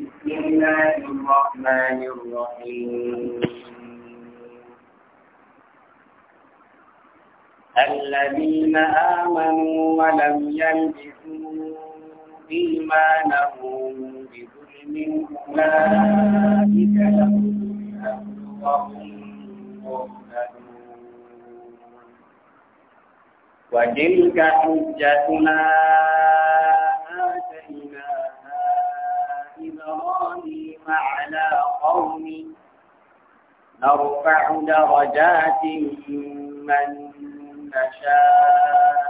بسم الله الرحمن الرحيم الذين آمنوا ولم يلبسوا إيمانهم بظلم أولئك لهم الأمن وهم مهتدون وتلك حجتنا على قوم نرفع درجات من نشاء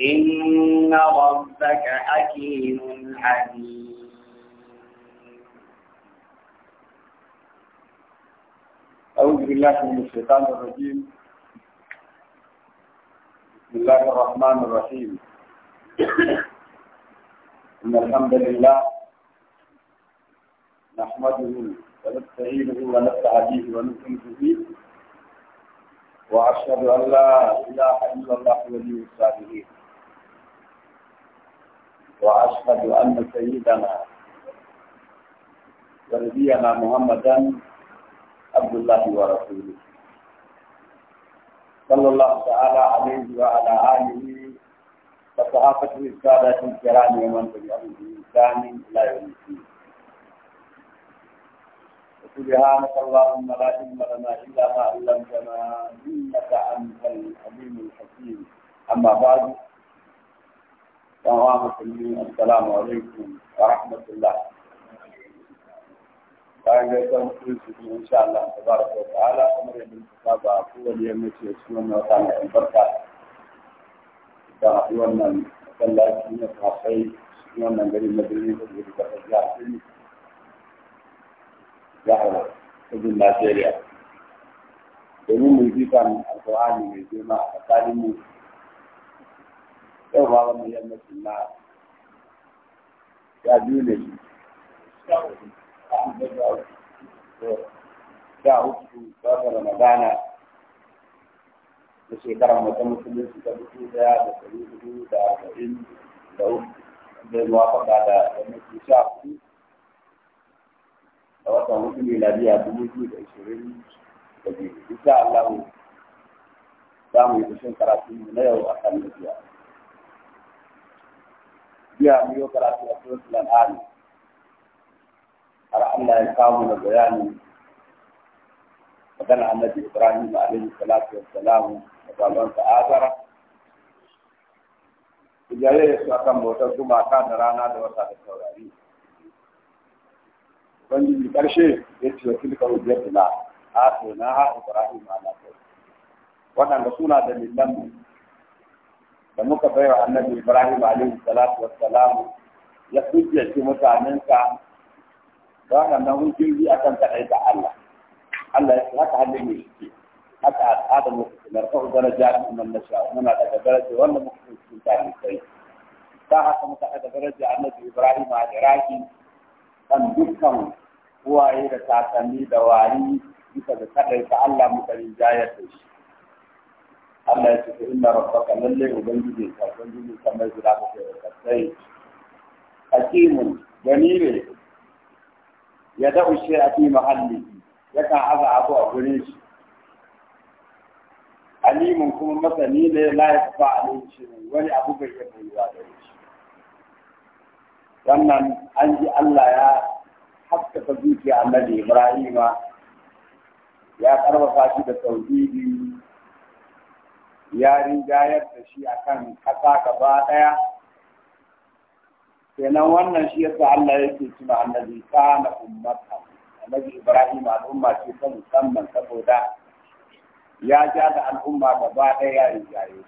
إن ربك حكيم عليم أعوذ بالله من الشيطان الرجيم بسم الله الرحمن الرحيم إن الحمد لله نحمده ونستعينه ونستهديه ونؤمن به واشهد ان لا اله الا الله ولي الصالحين واشهد ان سيدنا ونبينا محمدا عبد الله ورسوله صلى الله تعالى عليه وعلى اله وصحابته السادات الكرام ومن تبعهم بإحسان الى يوم الدين سبحانك اللهم لا علم لنا الا ما علمتنا انك انت العليم الحكيم اما بعد السلام عليكم ورحمه الله وبركاته ان شاء الله تبارك وتعالى امر من كتاب عفو اليوم يسمى وطن البركه من كتاب عفو من من كتاب عفو من ya aura Najeriya domin mu ji kan alƙur'ani mai girma a tsakanin mu yau ba wannan na ya biyu ne tsawon ramadana da shekarar mutum ta dubu daya da dari hudu da arba'in da zai da sha hudu a watan hudu biya dubu biyu da ashirin da biyu insha Allah za mu yi kushin karatu na yau a kan lafiya biya mu yi karatu a surat al har Allah ya kawo na bayani magana annabi Ibrahim alaihi salatu wassalam da babansa Azara Ijaye su akan bautar gumaka da rana da wata da saurari. ubangiji karshe ya ce wa tilka hujjar ila atona ha ibrahim ala waɗanda suna da lillanmu da muka bai wa annabi ibrahim alaihi salatu wassalamu ya hujjace mutanensa da waɗannan hujjoji akan kaɗai da Allah Allah ya ce haka halin ne shi haka al'ada mu narkahu daraja min nasha muna daga daraja wanda muka cikin tarihi ta haka muka daga daraja annabi ibrahim a iraki kan dukkan uwaye da kakanni da wari bisa da kadai ta Allah muka rinjayar da shi. Allah ya ce inna rabbaka lalle ubangiji ka ubangiji ka mai zira ka kai da sai hakimun gani ne ya da ushe a fi mahalli kan aza abu a gurin shi alimun kuma masani ne la ya fa shi wani abu bai yi bayuwa da shi wannan an ji Allah ya haskaka zuciya annabi Ibrahima ya karfafa shi da tauhidi ya rinjayar da shi akan kasa gaba daya kenan wannan shi yasa Allah yake cewa annabi kana ummata annabi Ibrahim al'umma ce ta musamman saboda ya ja da al'umma gaba daya ya rinjaye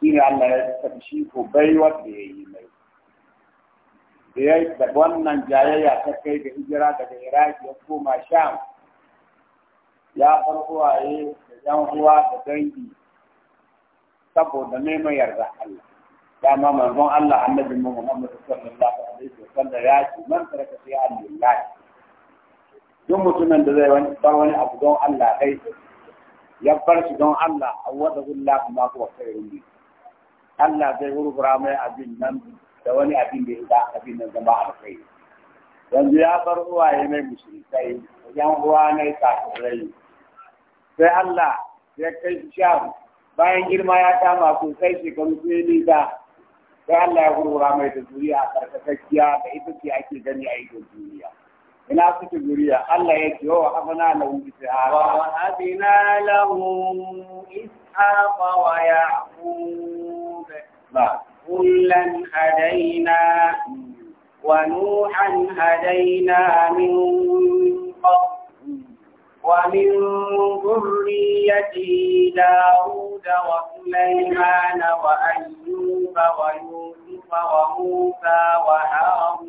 shi Allah ya tafi shi ko baiwar da ya yi mai da ya da wannan jayayya ta kai da hijira daga Iraki ya koma Sham ya farko a yi da yan uwa da dangi saboda neman yarda Allah dama manzon Allah annabi Muhammad sallallahu alaihi sallam, ya ce man taraka fi Allah duk mutumin da zai bar wani abu don Allah dai ya bar shi don Allah awwadahu Allah ma huwa kai bihi Allah zai hurgura mai abin nan da wani abin da ya abin nan zama kai. yanzu ya bar uwaye mai musulmai yan uwa ne kafirai sai Allah ya kai sham bayan girma ya kama sosai shekaru sai ni da sai Allah ya hurgura mai da zuriya karkatacciya da ita ce ake gani a ido duniya ina suke zuriya Allah ya ce wa habana lahu ishaqa wa habina lahu ishaqa wa yaqub نعم. كلا هدينا ونوحا هدينا من قبل ومن ذريته داود وسليمان وأيوب ويوسف وموسى وهارون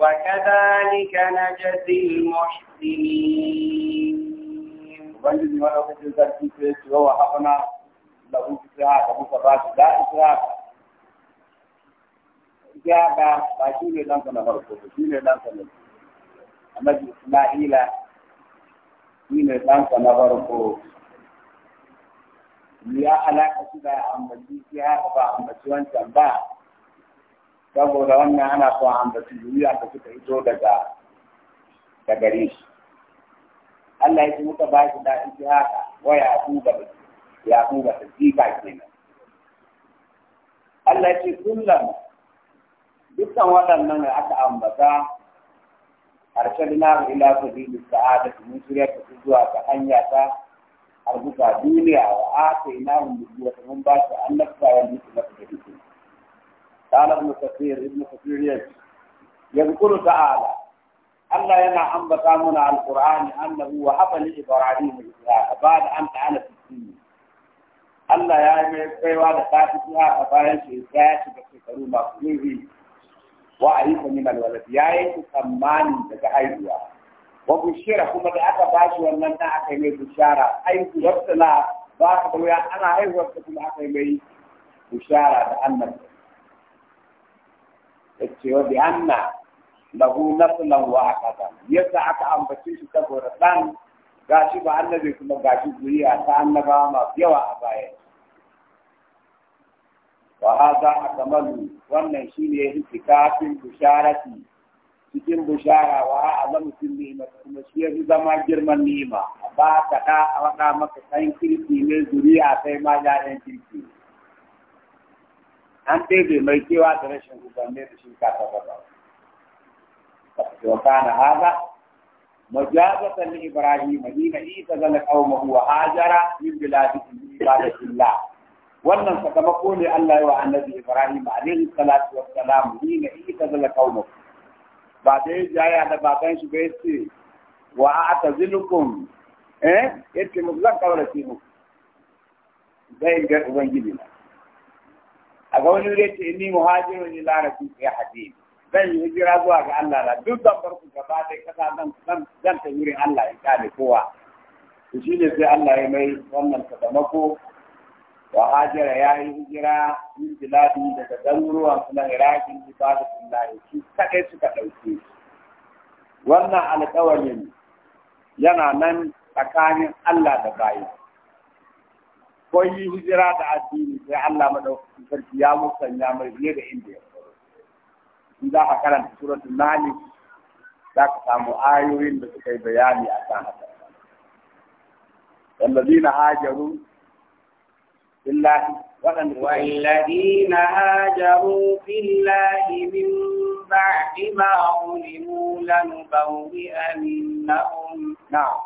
وكذلك نجزي المحسنين. له إكراه أبو فراش لا إكراه إكراه ما شيني لنسى نهربه شيني لنسى نهربه أما إسماعيل شيني لنسى نهربه ya alaka shi da ambaci shi haka ba ambaci wancan ba saboda wannan ana so ambaci duniya da suka hito daga da gare shi Allah ya ce muka ba shi da shi haka waya su ga ya kuma ta jika kenan Allah ya ce kullum dukkan waɗannan da aka ambata harshen na ila su bi da sa'ada mun shirya ta zuwa ta hanya ta arzuka duniya wa aka yi na hundu wata mun ba su annabta wani su na da duk ta'ala ibn kafir ibn kafir ya yadkuru ta'ala Allah yana ambata muna alqur'ani annahu wa haba ibrahim al-islam ba'da an ta'ala fi Allah ya yi mai kaiwa da fatiha a bayan shi ya shiga shekaru masu zurfi wa ayyuka min alwalad ya yi tsammani daga haihuwa wa bushira kuma da aka bashi wannan na aka yi mai bushara haihuwar na ba ka da wuya ana haihuwar ta kuma aka yi mai bushara da annabi yace wa bi anna lahu naslan wa ta. yasa aka ambace shi saboda dan gashi ba annabi kuma gashi zuriya ta annaba masu yawa a baya wa hadha akmalu wannan shine yafi kafin bisharati cikin bishara wa azamu fil ni'ma kuma shi yafi zama girman a ba ka da a wada maka san kirki ne zuriya sai ma yaran kirki an dai mai kewa da rashin gudanar da shi ka ta ba wa kana haza. مجازة لإبراهيم حين إيتزل قومه وهاجر من بلاد عبادة الله wannan sakamako ne Allah ya wa annabi Ibrahim alaihi salatu wassalam hina itazala qaumahu ba dai jaya da baban shi bai ce wa atazilukum eh yace mu zan kawara ce mu zai ga ubangiji na a ga wani ya zan yi hijira zuwa ga Allah na duk da farko gaba dai kasa zan zan zan ta wurin Allah in kare kowa to shine sai Allah ya mai wannan sadamako wa hajara ya yi hijira min biladi daga garuruwan su na Iraki ibadu billahi su kadai suka dauke wannan alƙawarin yana nan tsakanin Allah da bayi ko yi hijira da addini sai Allah madaukakin sarki ya musanya mai fiye da inda إذا za a karanta suratul nahl za ka samu ayoyin da suka والذين هاجروا في الله والذين هاجروا في الله من بعد ما ظلموا لنبوئنهم نعم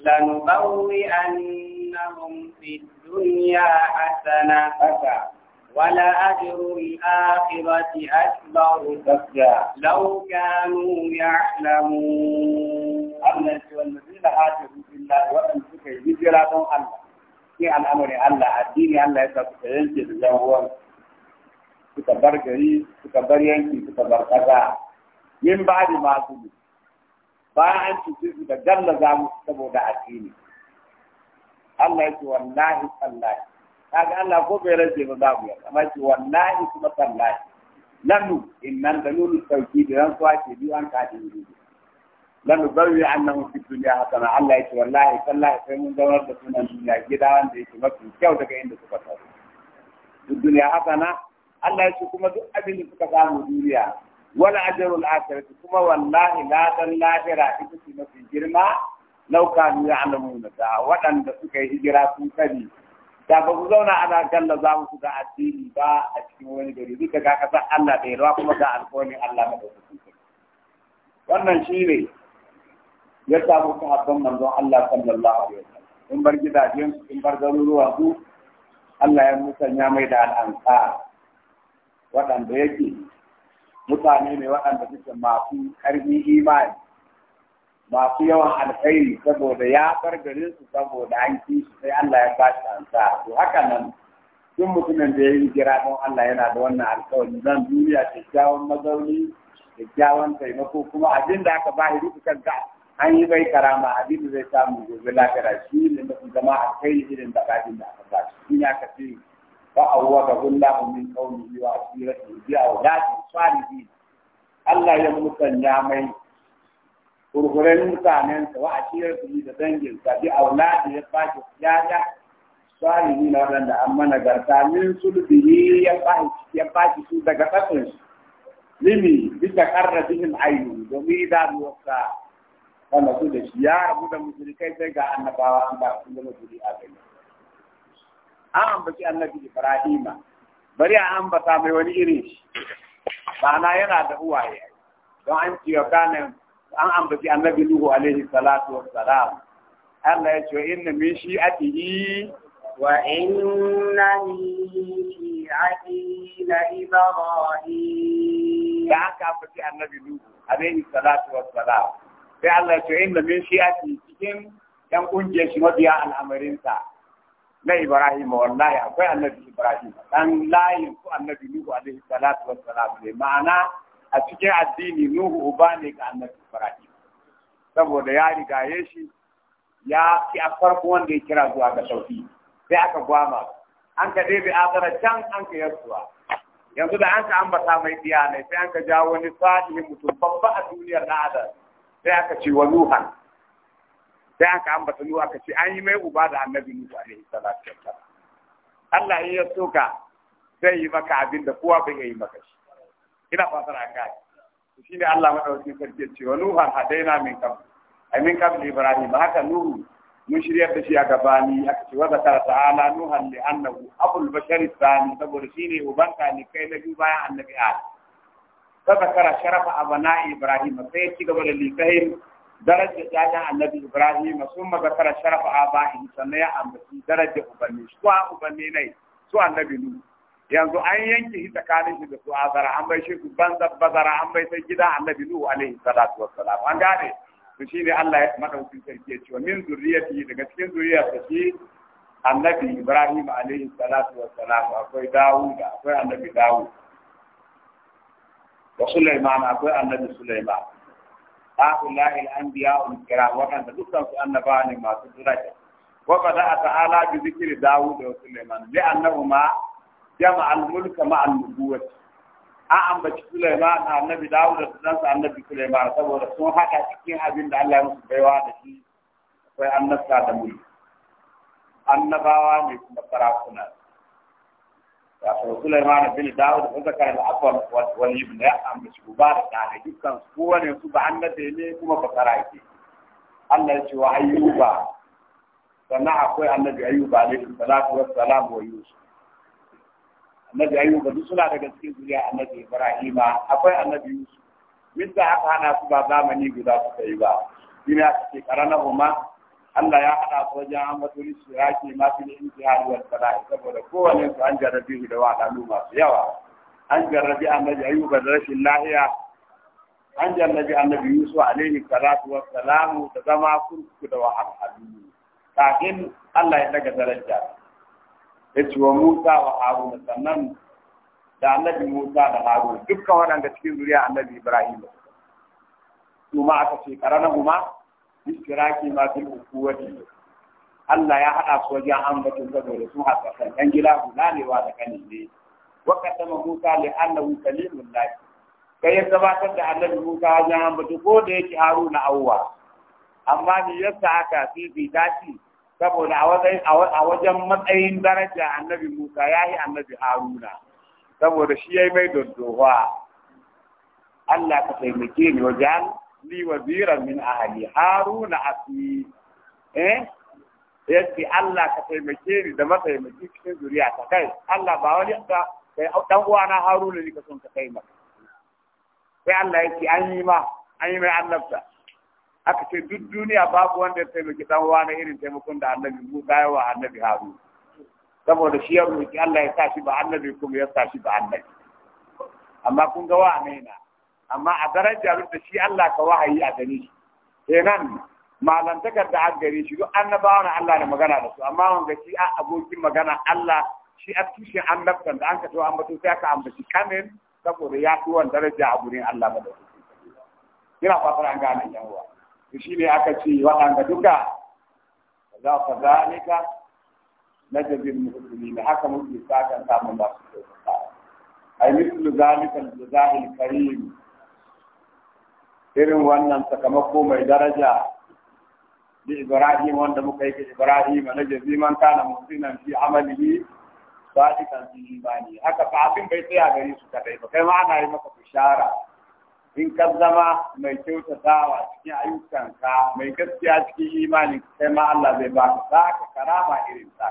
لنبوئنهم في الدنيا حسنة ولأجر الآخرة أكبر تبدا لو كانوا يعلمون أن والذين هاجروا في الله وأن سكي هجرة الله في الأمر الله الدين الله يتبقى الجوهر suka bar gari suka bar yanki suka bar kaza min ba da masu ne an cuce su da gallaza musu saboda addini Allah ya ce kaga Allah ko bai rage ba babu ya amma ki wallahi kuma tallahi lanu innan da nunu sauki da ran suwa ke biyu an da yi lanu barwi annahu fi dunya hasana Allah ya ce wallahi tallahi sai mun zaunar da sunan duniya gida wanda yake mafi kyau daga inda suka tafi duk duniya hasana Allah ya ce kuma duk abin da suka samu duniya wala ajrul akhirati kuma wallahi la dan lahira ita ce mafi girma lauka ya alamuna da waɗanda suka yi hijira sun sani da ba ku zauna ana da za mu ga addini ba a cikin wani gari duka ga kasar Allah da yarwa kuma ga alƙawarin Allah na da wannan shi ne ya samu sahabban manzon Allah sallallahu alaihi wasallam in bar gidajen su in bar garuruwa su Allah ya musanya mai da al'anta waɗanda yake mutane ne waɗanda suke masu ƙarfin imani masu yawan alkhairi saboda ya bar garin su saboda an ki sai Allah ya bashi ansa to haka nan duk mutumin da ya yi jira don Allah yana da wannan alkawari zan duniya kyakkyawan mazauni kyakkyawan taimako kuma abin da aka bashi duk kanka an yi bai karama abin da zai samu gobe lafiya shi ne mafi zama alkhairi irin da kafin da aka bashi shi ya kace fa awwada kullahu min qawmihi wa asiratihi bi awladi salihin Allah ya musanya mai mutanen mutanensa wa a cikin da danginsa bi auladi ya fashe yaya ne na wadanda an mana garta min sulbihi ya fashe su daga ƙasin shi limi bisa ƙarra bihin ayu domin idanuwarsa wanda su da shi ya rabu da musulikai sai ga annabawa an ba su zama zuri a gani an ambaci annabi ibrahima bari a ambata mai wani irin shi na yana da uwaye don an ciyo kanin an ambaci annabi Nuhu alaihi salatu wa salam. Allah ya ce inna min shi'atihi wa inna min shi'atihi la ibrahim da aka ambaci annabi Nuhu alaihi salatu wa salam. sai Allah ya ce inna min shi'atihi cikin yan kungiyar shi mabiya al'amarinsa na Ibrahim wallahi akwai annabi Ibrahim dan layin ko annabi Nuhu alaihi salatu wa wassalam ne ma'ana a cikin addini nuhu uba ne ga annabi ibrahim saboda ya rigaye shi ya ki a farko wanda ya kira zuwa ga sauki sai aka gwama an ka bai azara can an ka yarsuwa yanzu da an ka ambata mai biya ne sai an ka jawo wani salihin mutum babba a duniyar na adam sai aka ce wa nuhan sai an ambata nuhu aka ce an yi mai uba da annabi nuhu alaihi salatu wassalam Allah ya soka zai yi maka abin da kowa bai yi maka shi ina fatar an gane shi ne Allah madaukakin sarki ce wa nuha hadaina min kam ai min kam ibrahim haka nuhu mun shiryar da shi a gabani aka ce wa zakara ta'ala nuhan li annahu abul bashari sani saboda shine uban ne kai na biyu bayan annabi adam ta zakara sharafa abana ibrahim sai ya ci gaba da lisahin daraja jajan annabi ibrahim sun zakara sharafa abahi sannan ya ambaci daraja ubanni su a ubanni ne su annabi nuhu yanzu an yanke shi tsakanin shi da su zara an bai shi su banza bazara an bai sai gida annabi nuhu alaihi salatu wassalam an gane to shine Allah ya madaukin sarki ya ce wa min zurriyati daga cikin zuriyarsa shi annabi Ibrahim alaihi salatu wassalam akwai Dawud akwai annabi Dawud wa Sulaiman akwai annabi Sulaiman هؤلاء الأنبياء الكرام وكان تدخل في النبان ما تدرجه وبدأ تعالى بذكر داود وسليمان لأنهما jama al-mulka ma al-nubuwat an ambaci Sulaiman annabi Dawud da dan annabi Sulaiman saboda sun haka cikin abin da Allah ya musu baiwa da shi akwai annabta da mulki annabawa ne kuma sarakuna wato Sulaiman bin Dawud da zakar al-afwan wal ibn ya ambaci uba da dane dukkan su kowane su ba annabi ne kuma ba sarake Allah ya ce wa ayyuba sannan akwai annabi ayyuba alaihi salatu wassalam wa yusuf annabi ayyuba duk suna daga cikin zuriya annabi ibrahima akwai annabi yusuf min da aka hana su ba zamani guda suka yi ba shine aka ce karanahuma Allah ya hada su wajen an wato su yaki ma fi intihar wata fala'i saboda kowane su an jarrabi da wahalu masu yawa an jarrabi annabi ayyuba da rashin lahiya an jarrabi annabi yusuf alaihi salatu wassalamu da zama kurkuku da wahalu kafin Allah ya daga daraja ya ce wa Musa wa Haruna sannan da annabi Musa da Haruna dukkan waɗanda cikin zuriya annabi Ibrahim su ma aka ce karana huma istiraki ma fil ukuwati Allah ya haɗa su wajen ambaton saboda su haka kan ɗan gida gulanewa da kanin ne wakata ma Musa li annahu kalimullahi kai ya gabatar da annabi Musa wajen ambaton ko da yake Haruna awwa amma ni yasa aka fifi dace saboda a wajen matsayin daraja annabi Musa ya yi annabi Haruna saboda shi ya yi mai doddowa Allah ka taimake ni wajen li wazira min ahli Haruna asmi eh ce Allah ka taimake ni da mataimaki cikin zuriya ta kai Allah ba wani ka kai dan uwana Haruna ne ka son ka kai sai Allah yake an yi ma an yi mai annabta aka ce duk duniya babu wanda ya taimaki dan wani irin taimakon da annabi Musa ya wa annabi Harun saboda shi ya roki Allah ya tashi shi ba annabi kuma ya tashi shi ba annabi amma kun ga wa na amma a daraja da shi Allah ka wahayi a gani kenan eh malantaka da an gare shi duk annabawa Allah ne magana da su amma wanda shi a abokin magana Allah shi a tushen annabtan da an ka to ambato sai aka ambaci kamin saboda ya fi wani daraja a gurin Allah ba da su. Yana fatar an gane yan uwa. shi ne aka ce waɗanda duka za ka zalika na jazin musulmi da haka muke sakan samun masu a yi mislu zalika da zahil karim irin wannan sakamako mai daraja da ibrahim wanda muka yi ga ibrahim na jaziman kana musinan fi amalihi sadiqan fi imani haka fa abin bai tsaya gare su kadai ba kai ma ana yi maka bishara in ka zama mai kyautatawa cikin ayyukanka mai gaskiya cikin imanin kai ma Allah zai ba ka ka karama irin ta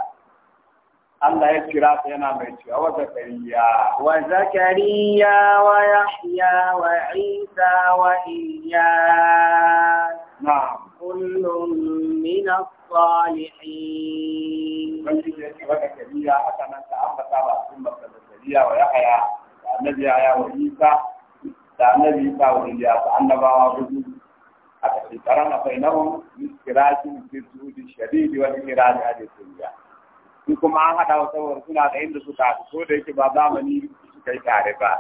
Allah ya kira ta yana mai cewa wa zakariya wa zakariya wa yahya wa isa wa ilyas na'am kullum min as-salihin wanda ya wa zakariya haka nan ta ambata ba sun zakariya wa yahya annabi ya wa isa da annabi isa wani da su annabawa hudu A ce karama bai nahu miskirashin fi zuhudi shadidi wani kirari a duniya su kuma an haɗa wa saboda suna da inda suka haɗu ko da yake ba zamani su kai tare ba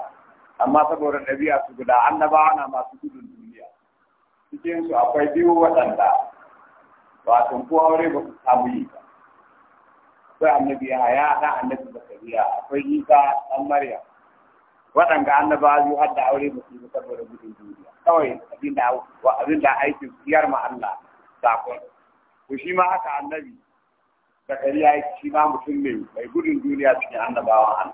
amma saboda ɗabi'a su guda annabawa na masu gudun duniya cikin su akwai biyu waɗanda wato ko aure ba su samu yi ba akwai annabi ya haya ɗan annabi zakariya akwai isa ɗan maryam waɗanda annaba biyu har da aure musu yi saboda gudun duniya kawai abin da aikin siyar ma Allah sakon to shi ma haka annabi kari ya shi ma mutum ne mai gudun duniya cikin annabawan Allah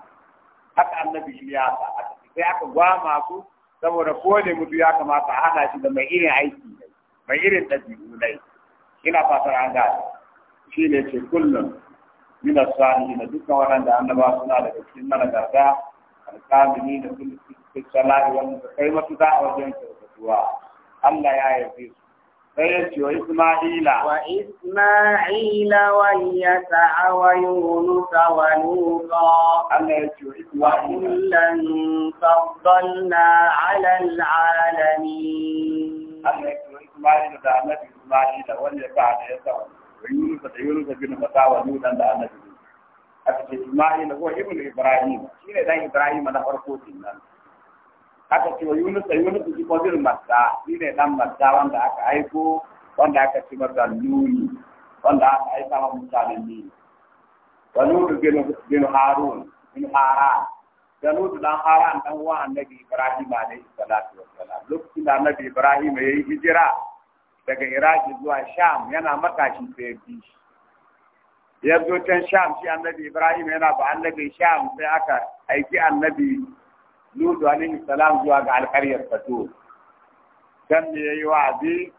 haka annabi Iliyasa sai aka gwa masu saboda ko ne mutu ya kamata a hana shi da mai irin aiki mai irin ɗabi'u dai. ina fatar an gane shi ne ce kullum min as na dukkan waɗanda annabawa suna daga cikin mana gargaya. alƙamini da sun fi sala'i wanda da kai za a wajen kyautatuwa Allah ya yabe su sai ya ce wa Isma'ila wa Isma'ila wa Yasa wa Yunus wa Nuqa Allah ya ce wa Isma'ila kullan faddalna 'ala al-'alamin Allah ya ce wa Isma'ila da Annabi Isma'ila wanda ya sa da Yasa wa Yunus da Yunus bin Mata wa Nuqa da Annabi aka Ismail ko ibnu Ibrahim ne dan Ibrahim na farko nan. aka ce wa Yunus Yunus ji ko bir Matta shine dan Matta wanda aka aiko wanda aka ci masa Nuni wanda aka haifa wa mutanen ni wa ke bin Harun bin Haran da Nudu dan Haran dan uwa Annabi Ibrahim alaihi salatu wassalam lokacin da Annabi Ibrahim yayi hijira daga Iraki zuwa Sham yana matashi sai ya bi shi Yanzu can sham shi annabi ibrahim yana ba annabi sham sai aka aiki annabi lutu alaihi salam zuwa ga alƙaryar fato can ne ya yayi wa'azi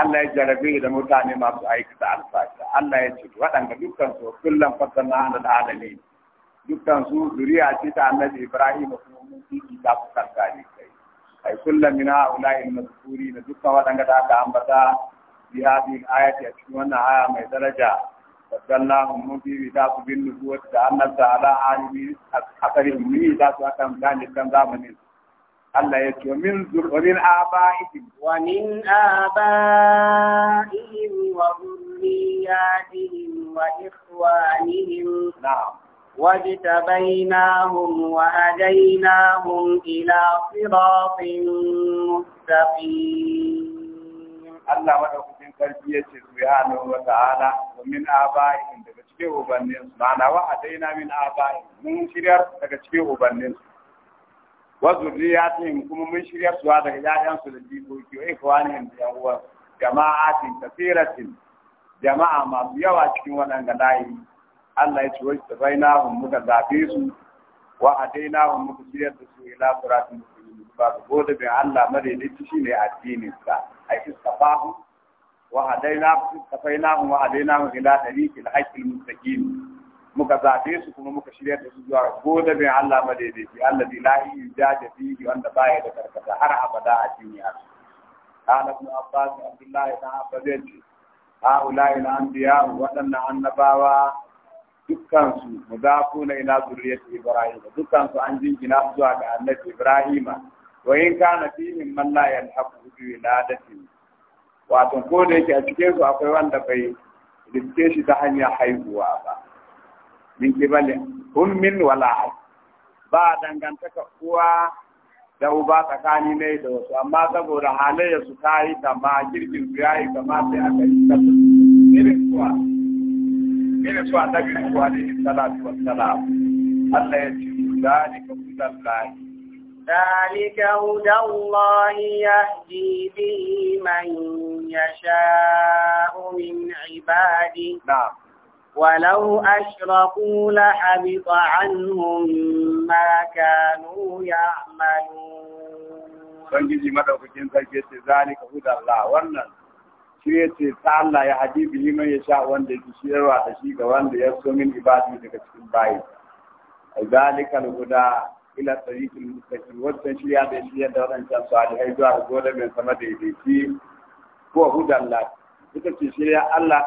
Allah ya jarabe da mutane masu aikata alfasha Allah ya ce waɗanda dukkan su kullum na ala alamin dukkan su zuriya ce ta annabi ibrahim kuma mun fiki ta fuskanta ne kai ai kullum min ha'ula'i al-mazkuri na dukkan waɗanda da aka ambata bi hadhihi al-ayati a cikin wannan aya mai daraja فدلهم ومن آبائهم وذرياتهم وإخوانهم نعم واجتبيناهم وهديناهم إلى صراط مستقيم الله madaukakin sarki ya ce subhanahu wa ta'ala wa min aba'in daga cikin ubannin su ma'ana wa adaina min aba'in mun shirya daga cikin ubannin su wa zurriyatihim kuma mun shirya su daga yayan su da jikoki wa ikwanihim da yan uwan jama'atin kasiratin jama'a masu yawa cikin waɗanda layi Allah ya ce wa tabainahum muka zabe su wa adainahum muka shiryar da su ila siratin mustaqim ba su gode bin Allah madaidaici ne addinin sa ai istafahu وهدينا كفيناهم وهديناهم إلى طريق الحق المستقيم muka zaɓe su kuma muka shirya da su zuwa goda mai Allah madaidaici daidai zai la yi da da fiye wanda baya da karkata har abada a duniya kana ibn Abbas Abdullah ibn Abbas yace ha ulai na anbiya wadannan annabawa dukkan su mudafuna ila zurriyyati Ibrahim dukkan su an jingina zuwa ga annabi Ibrahim wa in kana fihim man la yalhaqu bi wiladatin wato ko da yake a cikin su akwai wanda bai riske shi ta hanyar haihuwa ba min kibali hun min wala ba dangantaka uwa da uba tsakani ne da wasu amma saboda halayya su ta yi ma girgin su ya yi ma sai aka yi ta irin suwa irin suwa ta biyu suwa da yin salatu wa salam Allah ya ce zalika kullallahi ذلك هدى الله يهدي به من يشاء من عباده نعم ولو أشركوا لحبط عنهم ما كانوا يعملون بنجي مدوكين سركي ذلك هدى الله wannan shi ce ta Allah ya haji bihi man ya sha wanda yake shirwa da shi ga wanda ya so min ibadi daga cikin bayi zalika al-huda ila tariqil mustaqim wannan shi ya da shi da wadancan salihai zuwa gode mai sama daidaici ko hudan la ita ce shi Allah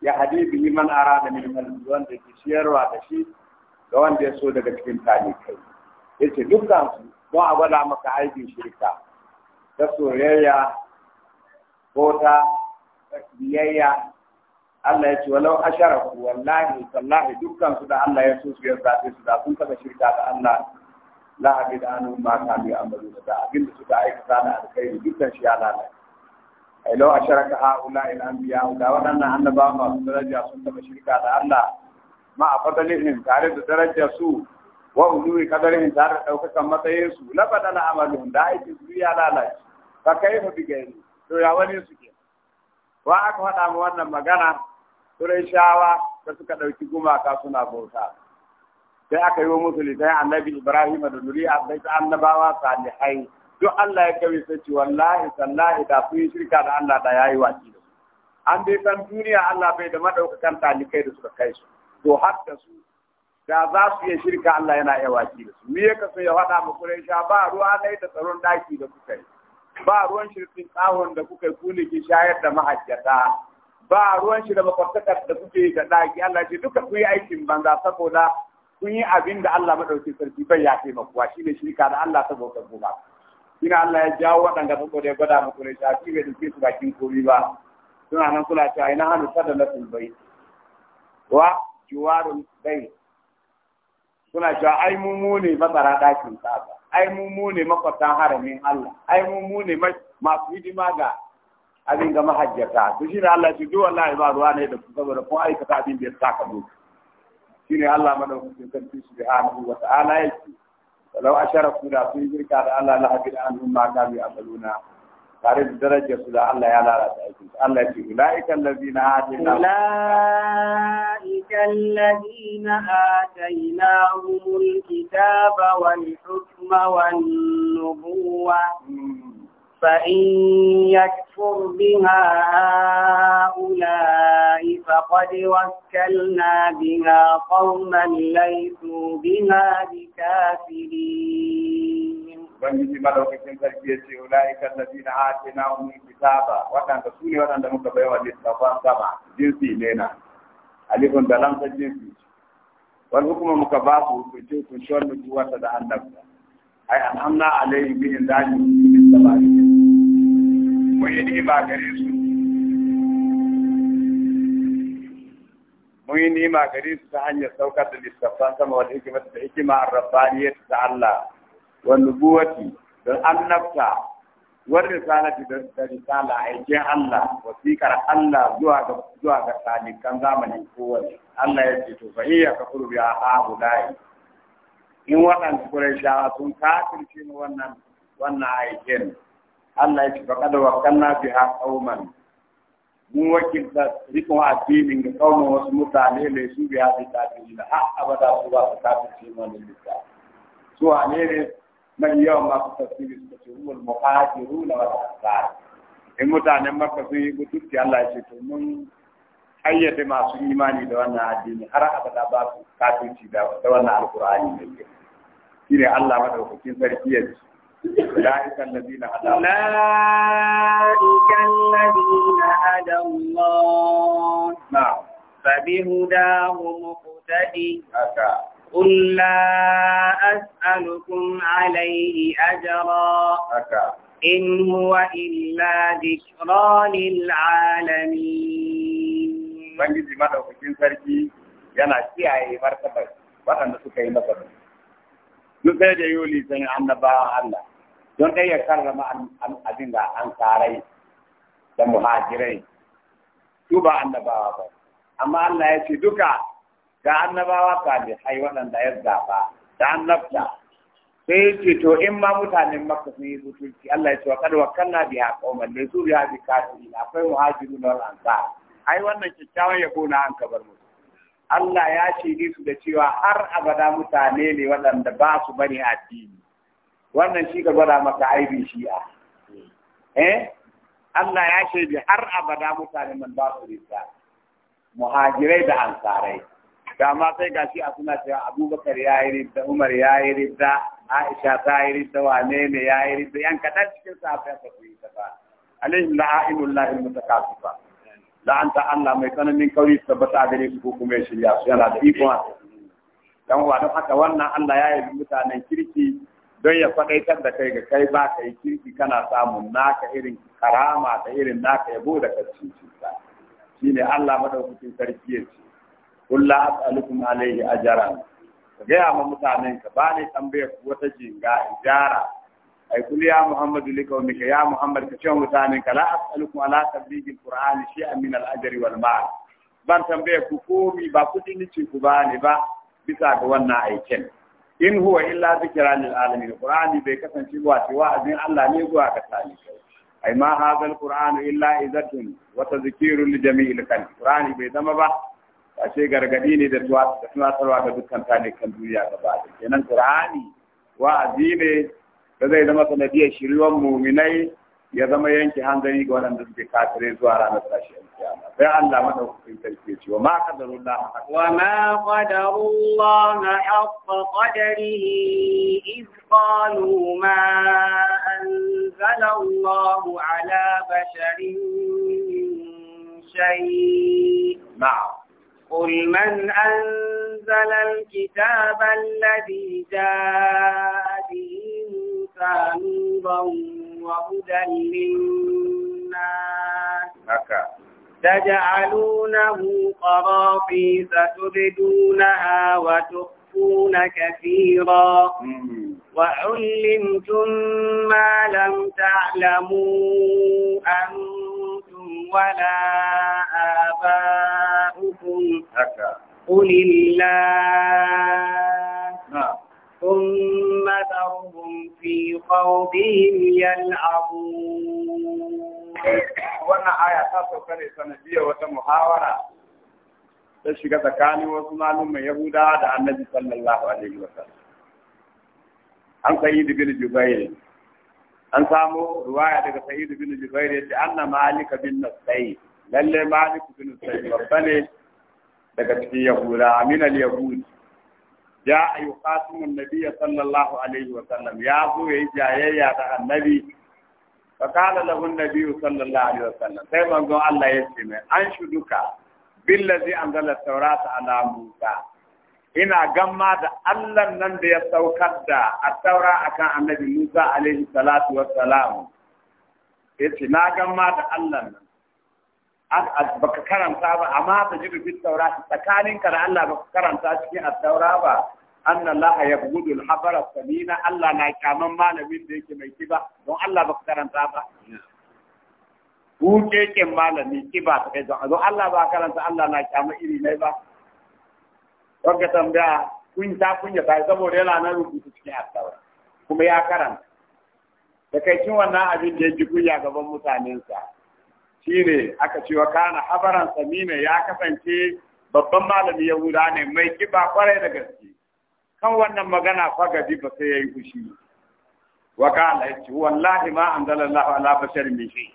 ya hadi bihi man arada min al wanda ke shiyarwa da shi ga wanda ya so daga cikin talikai yace dukkan su don a gwada maka aikin shirka ta soyayya ko ta biyayya Allah ya ce walau asharaku wallahi sallahi dukkan su da Allah ya so su ya zabe su da sun kaga shirka da Allah la abid anu ma ka bi amalu da abin da suka aikata na alkhairi dukkan shi ya lalace ai law asharaka haula il anbiya da wadannan annabawa masu daraja sun kaga shirka da Allah ma a fadalihin tare da darajar su wa ulwi kadarihim tare da daukakan matsayin su la badala amalu da aikin su ya lalace fa kai bi gairi to ya wani suke wa aka faɗa mu wannan magana shawa da suka ɗauki gumaka suna bauta sai aka yi wa musu a annabi Ibrahim da a sai ta annabawa salihai duk Allah ya kawai sai ci wallahi sallahi da su yi shirka da Allah da ya waki da su an dai san duniya Allah bai da maɗaukakan talikai da suka kai su to har su da za su yi shirka Allah yana iya waki da su me ya kasu ya faɗa mu Quraysh ba ruwa dai da tsaron daki da kuka yi ba ruwan shirkin tsawon da kuka kune ke shayar da mahajjata ba ruwan shi da makwabtakar da kuke yi da ɗaki Allah ce duka ku yi aikin banza saboda kun yi abin da Allah maɗauki sarki bai ya taimakuwa shi ne shirka da Allah saboda ba. ina Allah ya jawo waɗanda saboda ya gwada muku ne shafi bai duke su bakin komi ba suna nan kula cewa ina hannu sada na bai wa juwarun bai suna cewa ai mu ne matsara ɗakin tsaba ai mu mu ne makwatan haramin Allah ai mu mu ne masu hidima ga abin ga mahajjata to shi ne Allah shi duk wallahi ba ruwa ne da ku saboda kun aikata abin da ya saka mu shi ne Allah madaukakin sarki subhanahu wa ta'ala yake walau asharaku da sun shirka da Allah la habida anhum ma kanu ya'maluna تعرف درجة صدى الله على رأسك التي أولئك الذين آتينا أولئك الذين آتيناهم الكتاب والحكم والنبوة فإن يكفر بها هؤلاء فقد وكلنا بها قوما ليسوا بها بكافرين ubangiji madaukakin sarki ya ce ulaika alladina atinahum kitaba wadanda su ne wadanda muka baiwa littafan sama jinsi ne na alifun da lam ta jinsi wani hukuma muka ba su hukunci hukunci wanda juwata da annabta ai alhamna alayhi bi in dani min sabari mun yi nima gare su mun yi nima gare su ta hanyar saukar da littafan sama wal hikima da hikima ar-rabbaniyya ta Allah wal nubuwati da annabta war risalati da risala aikin Allah wasiƙar Allah zuwa ga zuwa ga salikan zamanin kowanne Allah ya ce to fa iya kafuru bi ahulai in kure Qurayshawa sun kafirce ni wannan wannan aikin Allah ya ce fa kada wakanna biha qauman mun wakilta rikon addinin ga kaunin wasu mutane da su biya su tafi da har abada su ba su tafi cikin wani littafi su a ne man yawan masu tafsiri suka ce ruwal muhajiru da wal ansar in mutane makka sun yi gutsutti Allah ya ce to mun ayyade masu imani da wannan addini har abada ba su kafirci da wannan alqur'ani ne ke Allah madaukakin sarki ya ce أولئك الذين هدى أولئك الذين هدى الله نعم فبهداه مقتدي قل لا أسألكم عليه أجرا إن هو إلا ذكرى للعالمين بنجي ما لو كنت Sarki yana kiyaye martabar waɗanda suka yi masa duk sai da yuli sun annabawan Allah don dai ya karrama abin da an karai da muhajirai su ba annabawa ba amma Allah ya ce duka ga annabawa salihai waɗanda ya zaɓa da annabta sai ce to in ma mutanen makka sun yi butulci Allah ya ce wa kad wakkalna biha qauman la yusu ya bi kafirin akwai muhajirun wal ansar ai wannan kikkiawan yabo na an kabar mu. Allah ya shiri su da cewa har abada mutane ne waɗanda ba su bane addini wannan shi ka gwada maka aibin shi'a eh Allah ya shaidi har abada mutane man ba su risa muhajirai da ansarai da amma sai shi a suna cewa abubakar ya yi ridda umar ya yi ridda aisha ta yi ridda wane ne ya yi ridda yan kaɗan cikin sahabbai ba su yi ta ba alaihim la'inullahi mutakafifa la'anta Allah mai tsananin kauri su tabbata gare su kuma ya shirya su yana da ikon dan wa don haka wannan Allah ya yi mutanen kirki don ya faɗaitar da kai ga kai ba ka yi kirki kana samun naka irin karama da irin naka yabo da kacin cuta shi ne Allah madaukakin sarki ya ce kullu as'alukum alayhi ajran ka gaya ma mutanen ka ba ne tambayar wata jinga ijara ai kul ya muhammadu li qaumika ya muhammad ka ce mutanen ka la as'alukum ala tablighil qur'ani shay'an min al ajri wal mal ban tambayar ku komi ba kudi ni ku ba ne ba bisa ga wannan aikin in huwa illa zikra lil alamin qur'ani bai kasance ba ce wa'azin Allah ne zuwa ga talibai ai ma hadha al illa izatun wa tadhkirun jami'il khalq qur'ani bai zama ba ashe gargadi ne da tunatarwa ga dukkan kan duniya gaba da kenan qur'ani wa'azi ne da zai zama sanadiyar shiriwan muminai ya zama yanke hanzari ga wadanda suke kafirai zuwa ranar tashin kiyama sai Allah madaukakin sarki ce wa ma qadarullah wa ma qadarullah haqqa qadarihi iz qalu ma anzala Allah ala basharin shay na'am قل من أنزل الكتاب الذي جاء به موسى نورا وهدى للناس تجعلونه قراطيس ستبدونها وتخفون كثيرا وعلمتم ما لم تعلموا أن ولا آباؤكم قل الله ثم ذرهم في خوضهم يلعبون wannan aya ta sauka ne sanadiyar wata muhawara ta shiga tsakanin wasu malumman Yahudawa da Annabi sallallahu alaihi wasallam an kai an samu ruwaya daga Sa'idu bin jubair yace anna malik bin nasai lalle malik bin nasai babba ne daga cikin yahuda min al yahud ya ayu qasimun nabiy sallallahu alaihi wa sallam ya zo yayi jayayya da annabi fa qala lahu nabiy sallallahu alaihi wa sallam sai manzo Allah ya ce mai an shuduka billazi anzala tawrata ala musa ina gamma da Allah nan da ya saukar da a taura akan annabi Musa alaihi salatu wassalam yace na gamma da Allah nan baka karanta ba amma ta ji da fit taura ka da Allah baka karanta cikin a taura ba anna laha yabghudu al samina, Allah na kaman malamin da yake mai kiba don Allah baka karanta ba ku ke malami kiba ta kai don Allah ba karanta Allah na kaman iri ne ba wanda tambaya kun ta ya sai saboda yana nan rubutu cikin asabar kuma ya karanta da kai cin wannan abin da ya ji kunya gaban mutanensa shine aka cewa kana habaran samina ya kasance babban malami yahuda ne mai kiba kwarai da gaske kan wannan magana bi ba sai yayi fushi wa kana yace wallahi ma anzalallahu ala basharin min shay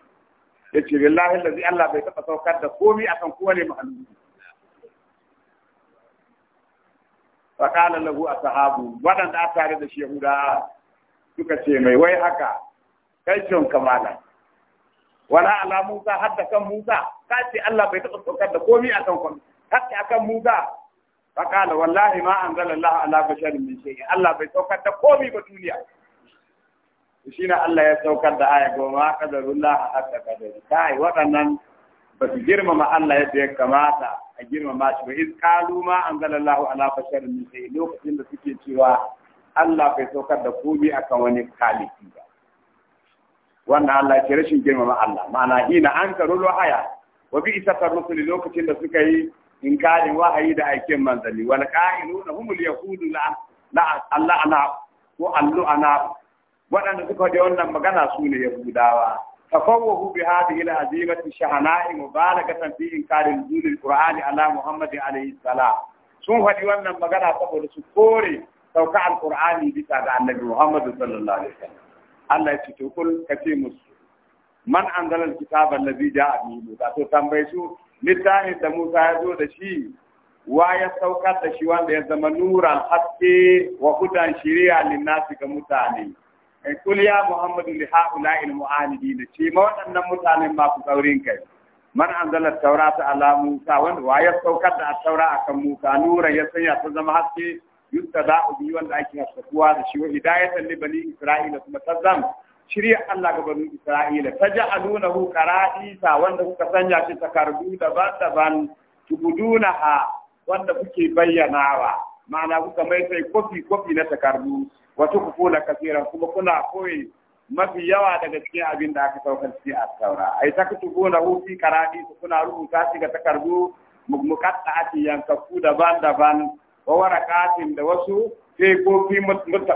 yace billahi allazi Allah bai taba saukar da komai akan kowane mahaluki faƙala lahu a sahabu waɗanda a tare da shehuda suka ce mai wai haka kai shin kamala wala ala musa hadda kan musa ka ce allah bai taɓa saukar da komi a kan kwami hakki akan musa faƙala wallahi ma an zala allah ala basharin min shay'in allah bai saukar da komi ba duniya shi ne allah ya saukar da aya goma kadarullah hadda kadari kai waɗannan ba su girmama Allah yadda ya kamata a girmama shi ba luma an zala anzalallahu ala fashar min lokacin da suke cewa Allah bai saukar da a kan wani kalifi ba wannan Allah ke rashin girmama Allah ma'ana hina an karu haya wa bi lokacin da suka yi inkarin wahayi da aikin manzali wal qa'iluna humul yahudu la Allah ana ko allu ana waɗanda suka da wannan magana su ne yahudawa تفوه بهذه العزيمة الشهناء مبالغة في إنكار نزول القرآن على محمد عليه السلام sun haɗi wannan magana saboda su kore sauka alƙur'ani bisa ga annabi Muhammadu sallallahu alaihi wasallam Allah ya ce to ka ce musu man anzala alkitaba allazi ja'a bihi Musa to tambaye su littafin da Musa ya zo da shi wa ya saukar da shi wanda ya zama nuran haske wa hudan shari'a linnasi ga mutane kul kuliya muhammadu li ha'ula'il mu'anidin ce ma waɗannan mutanen ba ku saurin kai man anzala taurata ala musa wanda wa ya saukar da taura akan musa nura ya sanya ta zama haske yustada'u bi wanda ake haskakuwa da shi wa hidayatan li bani isra'ila kuma tazam shirya Allah ga bani isra'ila taj'alunahu qara'isa wanda kuka sanya shi takardu daban-daban tubudunaha wanda kuke bayyanawa ma'ana kuka mai sai kofi kofi na takardu wato ku kula kasira kuma kuna koyi mafi yawa daga cikin abin da aka saukar cikin attaura ai ta kutubu na hufi karadi su kuna rubuta shi ga takardu muqatta'ati yankafu daban-daban wa warakatin da wasu sai fekofi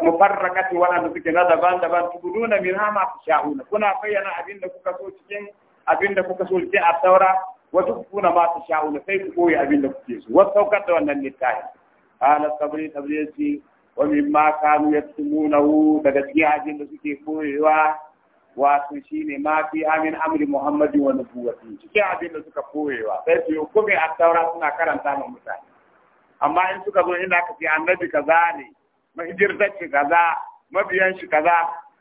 mufarrakati waɗanda suke na daban-daban nuna min hama ku sha'una kuna bayyana abin da kuka so cikin abin da kuka so cikin attaura wasu kuna ma sha'una sai ku koyi abin da kuke so wasu saukar da wannan littafi ala sabri tabriyati ya mimma muna wu daga cikin da suke koyewa wato shine ma fi amin amri muhammadin wani nubuwati cikin abin da suka koyewa sai su hukumi a saura suna karanta ma mutane amma in suka zo inda aka fi annabi kaza ne mahijirtar kaza mabiyan shi kaza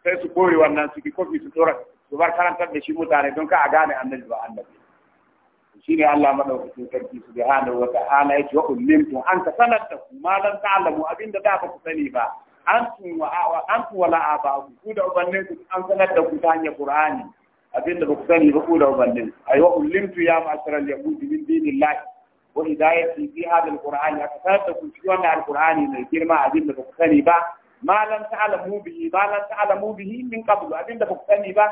sai su kore wannan suke kofi su tsora su bar karantar da shi mutane don ka a gane annabi ba annabi shine Allah madaukakin sarki subhanahu wa ta'ala yake wa ulimtum an tasanata ma lan ta'lamu abinda da ba ku sani ba antum wa antum wala abaku ku da ubannin ku an sanar ku ta hanyar qur'ani abinda ba ku sani ba ku da ubannin ay wa ulimtu ya ma'ashara al-yahudi min dinillahi wa hidayati fi hadha al-qur'ani aka sanar ku shi wannan al-qur'ani mai girma abinda ba ku sani ba ma lan ta'lamu bihi ma lan ta'lamu bihi min qablu abinda ba ku sani ba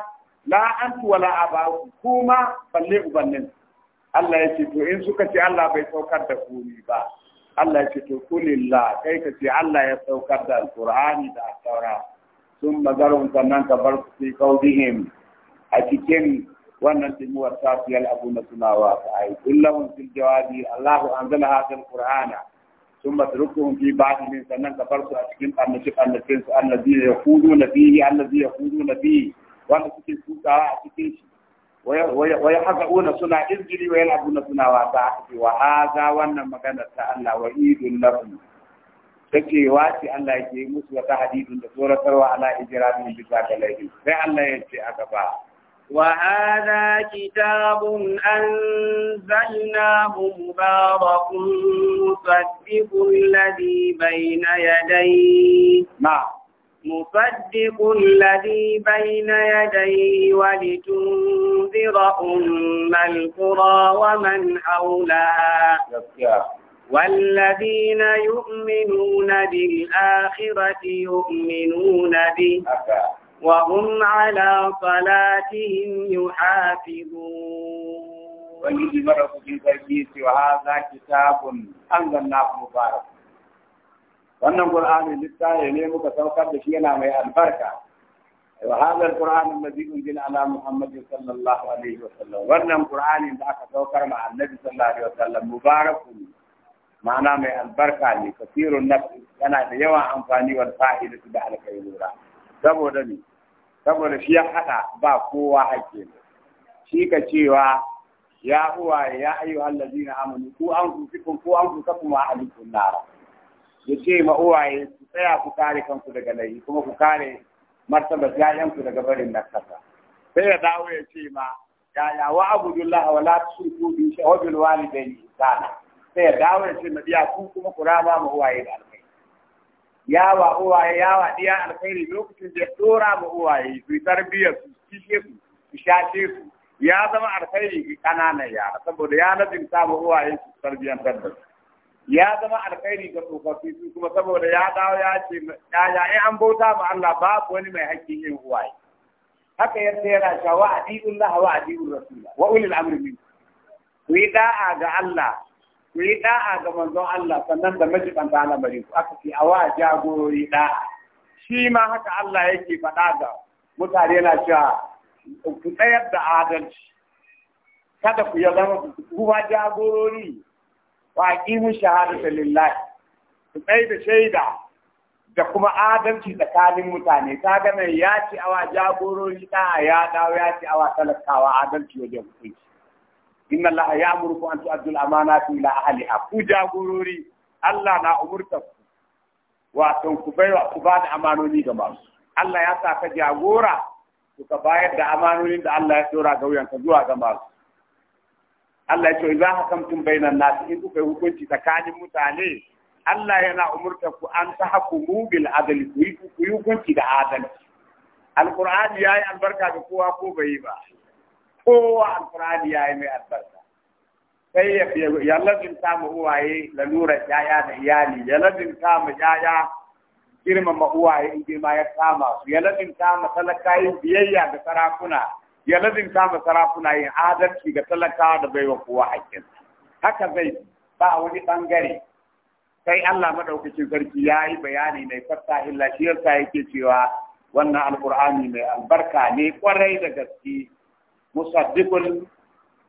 la antu wala ku kuma balle ubannin ku Allah ya ce to in suka ce Allah bai saukar da komi ba Allah ya ce to kulillah kai ka ce Allah ya saukar da Al-Qur'ani da Taura sun magarun sannan ka bar su fi kaudihim a cikin wannan timuwar safiyar abu na tunawa ta ai kullahum sun jawabi Allahu anzala hadha alqur'ana ثم تركهم في بعض من سنن كفرت أشكين أن شف أن ya يخوضون na الذي يخوضون فيه وأن a cikin shi. waya haka una suna izgili wa yana abuna suna wasa Wahaza wannan maganar ta Allah wa idun lahum take wace Allah yake musu wata hadidun da tsoratarwa ala ijramin bisa ga laifin sai Allah ya ce aka ba وهذا كتاب أنزلناه مبارك مصدق الذي بين يديه نعم مصدق الذي بين يديه ولتنذر أم القرى ومن حولها والذين يؤمنون بالآخرة يؤمنون به وهم على صلاتهم يحافظون وإذ مرض في وهذا كتاب أنزلناه مبارك wannan qur'ani littafi ne muka saukar da shi yana mai albarka wa hadha alquran alladhi unzila ala muhammad sallallahu alaihi wa sallam wannan qur'ani da aka saukar ma annabi sallallahu alaihi wa sallam mubarakun ma'ana mai albarka ne kasirun nafi yana da yawan amfani wal fa'idatu da alkairura saboda ne saboda shi ya hada ba kowa hakki shi ka cewa ya huwa ya ayyuhallazina amanu ku anfusikum ku anfusakum wa ahlikum nara ya ce ma uwaye su tsaya ku kare kanku daga laifi kuma ku kare martaba yayanku daga barin kasa sai ya dawo ya ce ma yaya wa abudullah wa la tushriku bi shay'in wa bil walidayni ihsana sai ya dawo ya ce ma biya ku kuma ku raba ma uwaye da alkai yawa uwaye yawa diya alkhairi lokacin da ya dora ma uwaye su tarbiyya su kishe su su shashe su ya zama alkhairi ga ƙananan yara saboda ya nazinta ma uwaye su tarbiyyar da su ya zama alkhairi ga tsofaffi su kuma saboda ya dawo ya ce yaya in an bauta ma Allah babu wani mai hakkin yin huwaye haka ya yana sha wa adidun laha wa adidun rasula wa ulil amri min ku yi da'a ga Allah ku yi da'a ga manzon Allah sannan da majiban ta al'amari ku aka ce wa jagorori da'a shi ma haka Allah yake faɗa ga mutane na cewa ku tsayar da adalci kada ku ya zama ku ba jagorori wa aqimu shahadata lillahi ku da shaida da kuma adalci tsakanin mutane ta ga mai ya ci awa jagorori ta ya dawo ya ci awa talakawa adalci wajen hukunci inna Allah ya amurku an tu'addu amana fi ila ahliha ku jagorori Allah na umurta ku wato ku bai wa ku ba da amanoni ga masu Allah ya sa ka jagora ku ka bayar da amanonin da Allah ya dora ga wuyanka zuwa ga masu Allah ya ce za hakamtum bainan nasu in kuka yi hukunci tsakanin mutane Allah yana umurta ku an ta tahkumu bil adali, ku yi hukunci da adalci ya yi albarka ga kowa ko bai ba kowa ya yi mai albarka sai ya ya lazim ta mu uwaye lalura yaya da iyali ya lazim ta mu yaya girmama uwaye in girma ya kama su ya lazim ta mu talakayin biyayya da sarakuna ya kama ma sarakuna yin adalci ga talakawa da baiwa kowa hakkin haka zai ba wani bangare sai Allah madaukakin sarki ya yi bayani mai fatta illa shi yasa yake cewa wannan alqur'ani mai albarka ne kwarai da gaske musaddiqul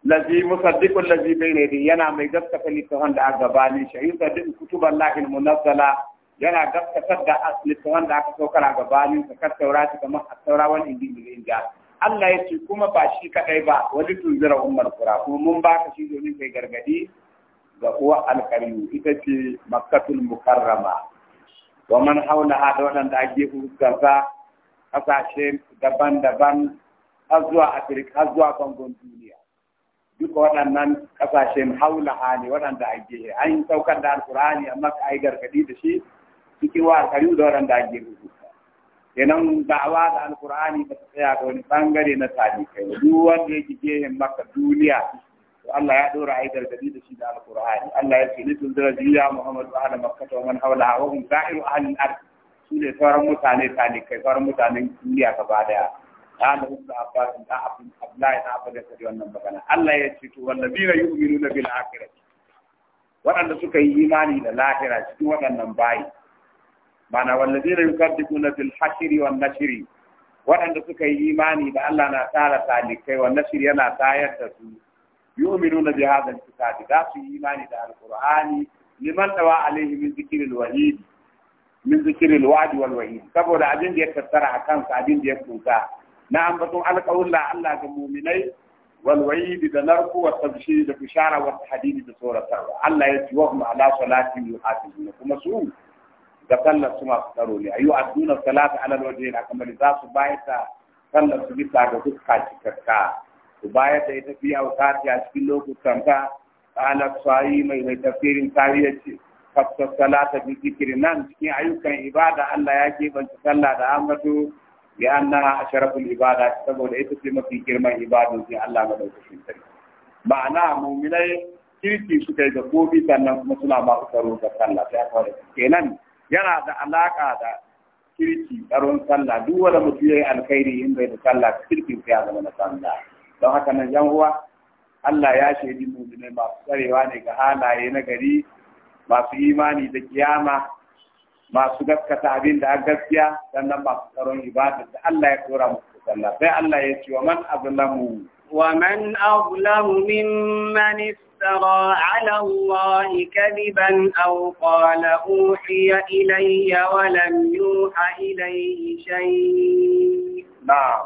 lazi musaddiqul lazi bayna yadi yana mai gaskata littafin da aka gabani shi yusaddiqu kutuballahi almunazzala yana gaskatar da littafin da aka saukar a gabanin sa kar taurati kamar at-taura injil Allah ya ce kuma ba shi kadai ba wani tunzira ummar kura kuma mun ba ka shi domin kai gargadi ga uwa alkariyu ita ce makkatul mukarrama wa man ha da waɗanda a gefe gasa ƙasashe daban-daban har zuwa afirka har zuwa bangon duniya duka waɗannan ƙasashen haulaha ne waɗanda a gefe an yi saukar da alkur'ani amma ka yi gargadi da shi cikin wa alkariyu da waɗanda ake hudu kenan da'awa da alkur'ani ba ta tsaya ga wani bangare na talibai duk wanda ya yake yin maka duniya to Allah ya dora ai gargadi da shi da alkur'ani Allah ya ce ni tun zira jiya Muhammadu ala makka wani man hawla wa hum sa'iru ahli al-ard su ne sauran mutane talibai sauran mutanen duniya gaba daya kana hukka abbasin da abin ya na fada da wannan magana Allah ya ce to na yu'minuna bil akhirati waɗanda suka yi imani da lahira cikin waɗannan bayi mana wallazina yukadzibuna fil hashri wan nashri waɗanda suka yi imani da Allah na tara talikai wa nashir yana tayar da su yu'minuna bi hadha al-kitabi da su yi imani da alqur'ani liman dawa alaihi min zikril wahid min zikril wadi wal wahid saboda abin da ya tattara a kansa abin da ya kunta na ambaton alƙawulla Allah ga mu'minai wal wahid da narku wa tabshir da bishara wa tahdid da suratarwa Allah ya ji wa ala salati yuhafizuna kuma su ga sallar su masu tsaro ne A wa adduna salata ala ne na kamar za su bayar da sallar su bisa ga fuska cikakka su bayar da ita biya a cikin lokutan ta ala sa'i mai mai tafsirin kariya ce salata bi zikirin nan cikin ayyukan ibada Allah ya keɓance sallah da ambato ya a sharafin ibada saboda ita ce mafi girman ibadun sai Allah madaukakin sarki ma'ana mu'minai kirki suka yi da kofi sannan kuma suna masu tsaro ga sallah ta kawai kenan yana da alaƙa da kirki tsaron sallah duk wanda mutum yayi alkhairi in bai da sallah kirkin sai ya zama na sallah don haka nan yan uwa Allah ya shaidi ne masu tsarewa ne ga halaye na gari masu imani da kiyama masu gaskata abin da gaskiya sannan masu tsaron ibada da Allah ya tura musu sallah sai Allah ya ce wa man azlamu ومن أظلم ممن افترى على الله كذبا أو قال أوحي إلي ولم يوحى إليه شيء نعم.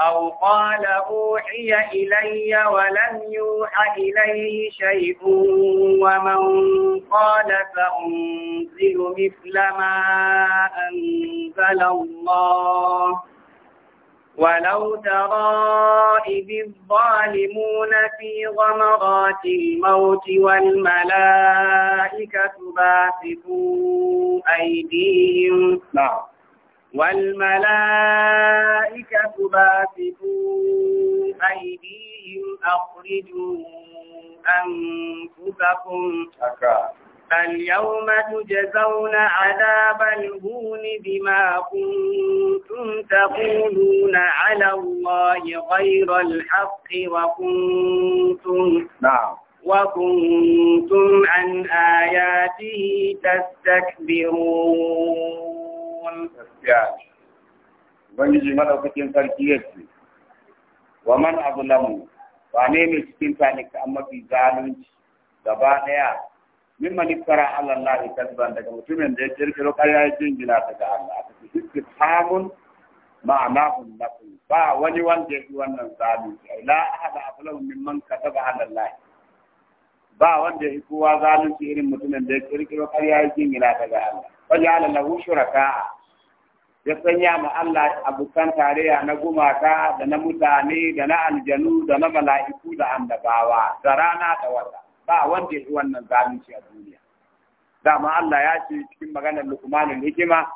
أو قال أوحي إلي ولم يوحى إليه شيء ومن قال فأنزل مثل ما أنزل الله ولو ترى إذ الظالمون في غمرات الموت والملائكة باسطوا أيديهم نعم والملائكة باسطوا أيديهم أخرجوا أنفسكم أكاد اليوم تجزون عذاب الهون بما كنتم تقولون على الله غير الحق وكنتم وكنتم عن آياته تستكبرون Ubangiji madaukakin sarki ya ce, Wa man abu lamu, wane ne cikin an mafi zalunci gaba ɗaya mimman iftara ala Allah kasban daga mutumin da ya kirkiro ƙarya ya jingina daga Allah ta fi istifhamun ma'anahun lakum ba wani wanda ya fi wannan zalunci ai la ahada aflahu mimman kadaba ala Allah ba wanda ya fi kowa zalunci irin mutumin da ya kirkiro ƙarya ya jingina daga Allah waja'ala lahu shuraka'a ya sanya ma Allah abokan tarayya na gumaka da na mutane da na aljanu da na mala'iku da annabawa da rana da wata ba wanda ya wannan zalunci a duniya dama Allah ya ce cikin maganar lukmanin Hikima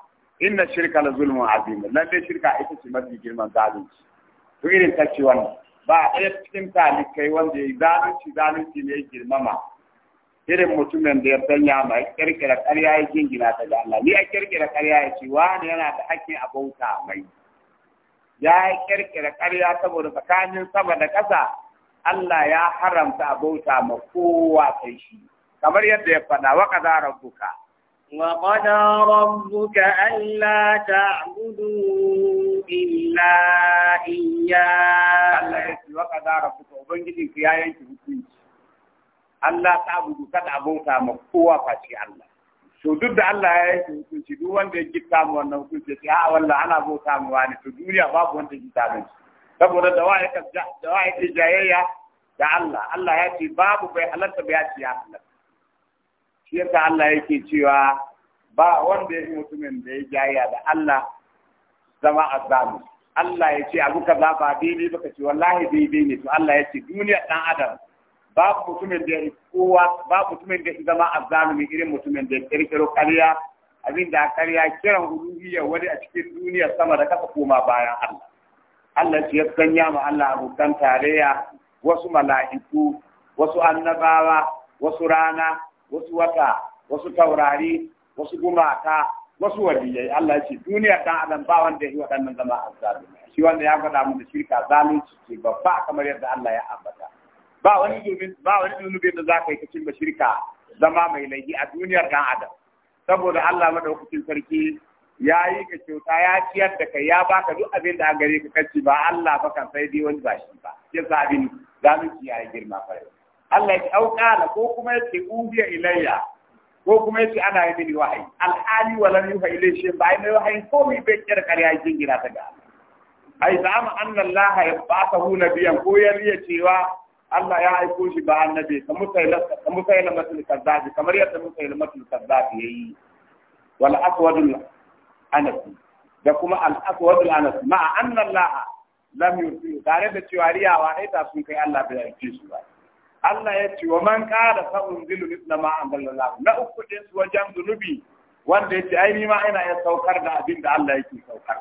inna shirka la zulmun azim lalle shirka ita ce mafi girman zalunci to irin ta ce wannan ba a ɗaya cikin talikai wanda ya zalunci zalunci ne ya girmama irin mutumin da ya sanya mai kirkira karya ya jingina ta da Allah ni a kirkira karya ya ce wani yana da hakkin a bauta mai ya kirkira karya saboda tsakanin sama da ƙasa Allah ya haramta abauta ma kowa kai shi kamar yadda ya faɗa wa qada rabbuka wa qada rabbuka alla ta'budu illa iyya Allah ya ce wa qada rabbuka ubangiji ku ya yanke hukunci Allah ta'budu kada abauta ma kowa face Allah to duk da Allah ya yanke hukunci duk wanda ya gitta mu wannan hukunci sai a wallahi ana bauta mu wani to duniya babu wanda ya gitta mu saboda da wa ka da ke jayayya da Allah Allah ya ce babu bai halatta bai ci ya Allah shi yasa Allah yake cewa ba wanda ya mutumin da ya jayayya da Allah zama azami Allah ya ce abu kaza ba daidai ba ka ce wallahi daidai ne to Allah ya ce duniya dan adam babu mutumin da ya kowa babu mutumin da ya zama ne irin mutumin da ya kirkiro karya abin da karya kiran uluhiyya wani a cikin duniya sama da kasa koma bayan Allah Allah ya sanya ma Allah abokan tarayya wasu mala'iku wasu annabawa wasu rana wasu wata wasu taurari wasu gumaka wasu waliyai Allah ya ce duniya dan adam ba wanda ya yi waɗannan zama azzalumi shi wanda ya faɗa mun da shirka zalunci ce babba kamar yadda Allah ya ambata ba wani zunubin ba wani zunubin da zaka yi kacin ba shirka zama mai laifi a duniyar dan adam saboda Allah madaukakin sarki ya yi ka kyauta ya ciyar da kai ya baka duk abin da an gare ka kace ba Allah ba kan sai dai wani ba shi ba ya sa abin zalunci ya yi girma fare Allah ya auka la ko kuma ya ce ubiya ilayya ko kuma ya ce ana yi mini wahayi alhali walam yuha ilayhi shay ba mai wahayi ko mi bai kira kariya gira ta ga ai zama anna Allah ya baka hu nabiyan ko ya riya cewa Allah ya aiko shi ba annabi kamar musailamatul kazzabi kamar yadda musailamatul kazzabi yayi wal aswadul Anasi da kuma al-Aswad al-Anas ma'a anna Allah lam yursi tare da cewa riyawa dai ta sun kai Allah bai yarda su ba Allah ya ce wa man qala fa unzilu mithla ma anzalallahu na uku din su wajen zunubi wanda yace ai ni ma ina ya saukar da abin da Allah yake saukar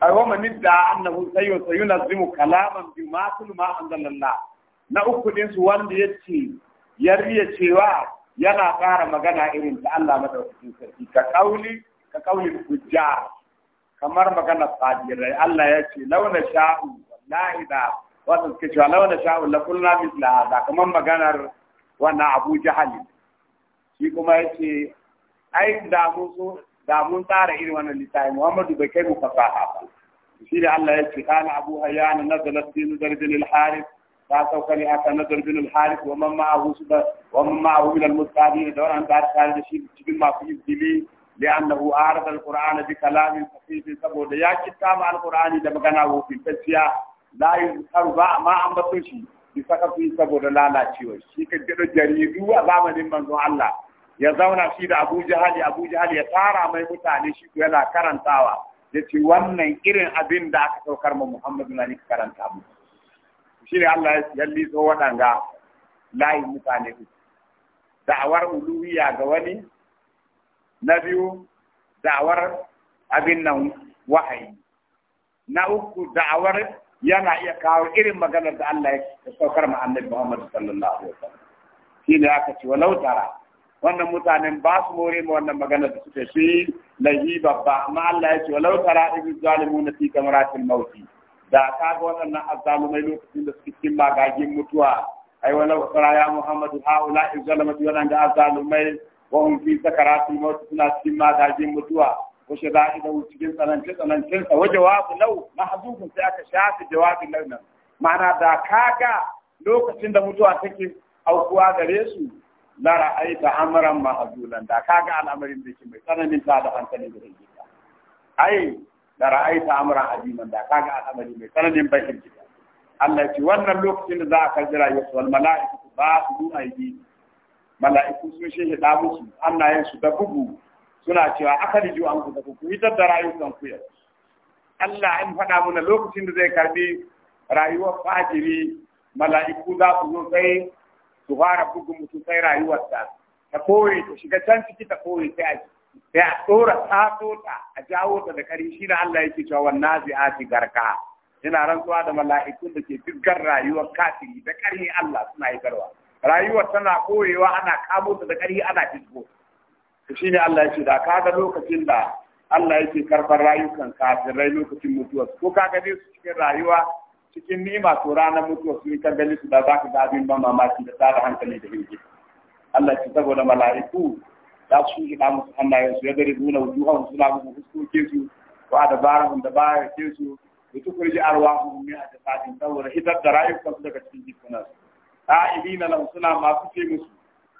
ai wa man idda annahu sayunazzimu kalaman bima ma anzalallahu na uku din su wanda yace ya riya cewa yana ƙara magana irin da Allah madaukakin sarki ka kauli ka kauli kujja kamar magana fajirai Allah ya ce launa sha'u wallahi da wasu suke cewa launa sha'u la kulna mithla hada kamar maganar wannan Abu Jahal shi kuma yace ai da mu so da mun tsara irin wannan littafi Muhammadu bai kai mu fasaha ba shi da Allah ya ce kana Abu Hayyan nazalat fi darbin al-Harith ta sauka ne aka na darbin al-Harith wa man ma'ahu wa man ma'ahu min al-mustadin da wannan da ta da shi cikin masu izbili لأنه أعرض القرآن بكلام خفيف سبود يا كتاب القرآن ده مغانا وفي تسيا لا يذكر با ما أم بتوشي بسكا في سبود لا لا تشيوش شيك جدو جريدو أزامن من الله ya zauna shi da Abu Jahali Abu Jahali ya tara mai mutane shi yana karantawa ya ce wannan irin abin da aka saukar ma Muhammadu na ka karanta mu shi Allah ya liso waɗanga layin mutane da'awar uluhiya ga wani na biyu da'awar abin nan wahayi na uku da'awar yana iya kawo irin maganar da Allah ya saukar ma annabi Muhammad sallallahu alaihi wasallam shi ne aka ce walau tara wannan mutanen ba su more ma wannan maganar da suke shi lahi babba amma Allah ya ce walau tara ibi zalimuna fi kamaratil mauti da kaga waɗannan azzalumai lokacin da suke cikin magagin mutuwa ai walau tara ya Muhammadu haula izalamati waɗanda azzalumai wa hum fi sakaratil maut suna cikin madajin mutuwa wa shada'idahu cikin tsananci tsanancin sa wa jawabu law mahdhufun sai aka shafi jawabin law nan ma'ana da kaga lokacin da mutuwa take aukuwa gare su la ra'aita amran mahzulan da kaga al'amarin da ke mai tsananin ta da hankali da rage ai da ra'aita amran aziman da kaga al'amari mai tsananin bakin jiki Allah ya ce wannan lokacin da za a karbi rayuwarsu wal mala'ikatu ba su yi aidi mala'iku sun shi hida musu hannayen su da bugu suna cewa akali ju an da ku hitar da rayukan ku yau Allah an faɗa muna lokacin da zai karbi rayuwar fajiri mala'iku za su zo sai su fara bugun mutum sai rayuwar ta ta koyi ta shiga can ciki ta koyi sai a sai a tsora tato ta a jawo ta da kari shi da Allah yake cewa wannan zai garka Ina rantsuwa da mala'ikun da ke fiskar rayuwar kafiri da ƙarni Allah suna yi garwa. rayuwar tana koyewa ana kamo ta da ƙarfi ana fitko to shine Allah ya ce da ga lokacin da Allah yake karfan rayukan kafirai lokacin mutuwa ko ka ga su cikin rayuwa cikin nima to ranar mutuwa su ka gani su da zaka ga abin ban mamaki da tsara hankali da hinji Allah ya ce saboda mala'iku da su shi musu hannayen su ya gari nuna wujuhan suna musu fuskokin su ko da dabarun da baya ke su da tukurji arwahun min a tafadin saboda hitar da rayukan su daga cikin jikunan su ta'ibina lahu suna masu ce musu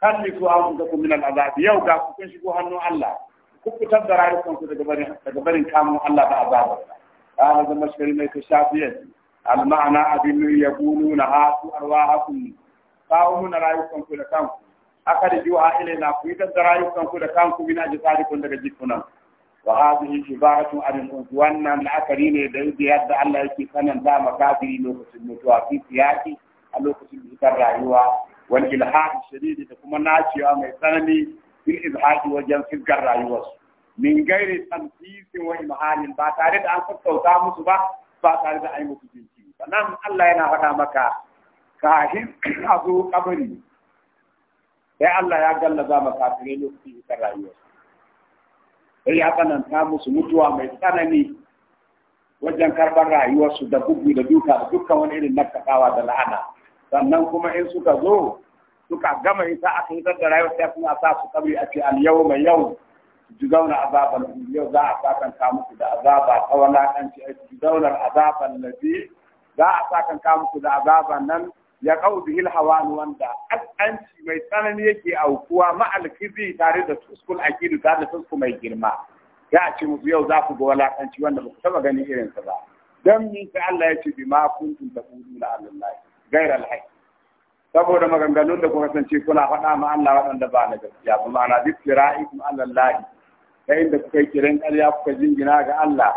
kalli su an da min al'azab yau ga ku kun shigo hannun Allah ku fitar da rayukan ku daga barin daga barin kamun Allah da azaba qala da mashkari mai ta shafiya al ma'ana abin yaquluna ha su arwahakum kawo mun rayukan ku da kanku aka da juwa ilaina ku fitar da rayukan ku da kanku min ajsadikum daga jikunan wa hadhihi ibaratu an al wannan la'akari ne da yadda Allah yake sanan da makafiri lokacin mutuwa fi siyaki a lokacin da rayuwa wani ilhaɗi shadidi da kuma naciwa mai tsanani bil izhaqi wajen fiskar rayuwarsu min gairi tamfisin wani imhalin ba tare da an sassauta musu ba ba tare da an yi musu jinki sannan Allah yana faɗa maka kafin a zo kabari sai Allah ya gallaza ma kafirai lokacin da rayuwarsu sai ya tsananta musu mutuwa mai tsanani wajen karɓar rayuwarsu da bugu da duka da dukkan wani irin nakaɗawa da la'ana sannan kuma in suka zo suka gama ita aka yi da rayuwar sai kuma a sa su kabri a ce al-yau mai yau jigauna azaban yau za a sakanta muku da azaba ta walakanci a jigaunar na lafi za a kan muku da azaban nan ya kau bihil hawani wanda ƙasƙanci mai tsanani yake aukuwa ma'alkizi tare da tuskul akidu tare da tusku mai girma ya ce musu yau za ku ga walakanci wanda ba ku taɓa ganin irinsa ba don min sai Allah ya ce bi ma kuntum taquluna ala Allah gaira alhaq saboda maganganun da kuka kasance kuna faɗa ma Allah waɗanda ba na gaskiya ba ma'ana duk Allah lahi ta inda kuka yi kiran ƙarya kuka jingina ga Allah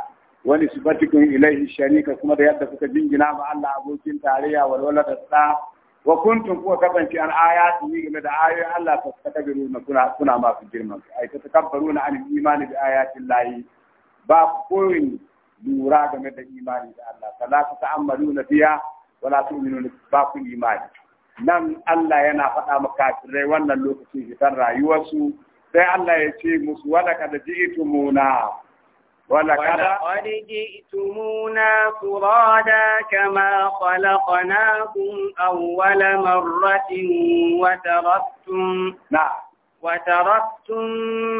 wani sifatikun ilaihi sharika kuma da yadda kuka jingina ma Allah abokin tarayya walwala da sa wa kuntum kuka kasance an ayati game da ayoyin Allah ta takabiru na kuna kuna masu girman ai ta takabbaru na an imani bi ayatin lahi ba koyin lura game da imani da Allah kala ta ta'ammaluna biya. wala tu'minu ba ku imani nan Allah yana faɗa maka kafirai wannan lokacin fitar rayuwarsu sai Allah ya ce musu wala kada ji muna wala kada qad muna furada kama khalaqnakum awwala marratin wa taraktum na'am وتركتم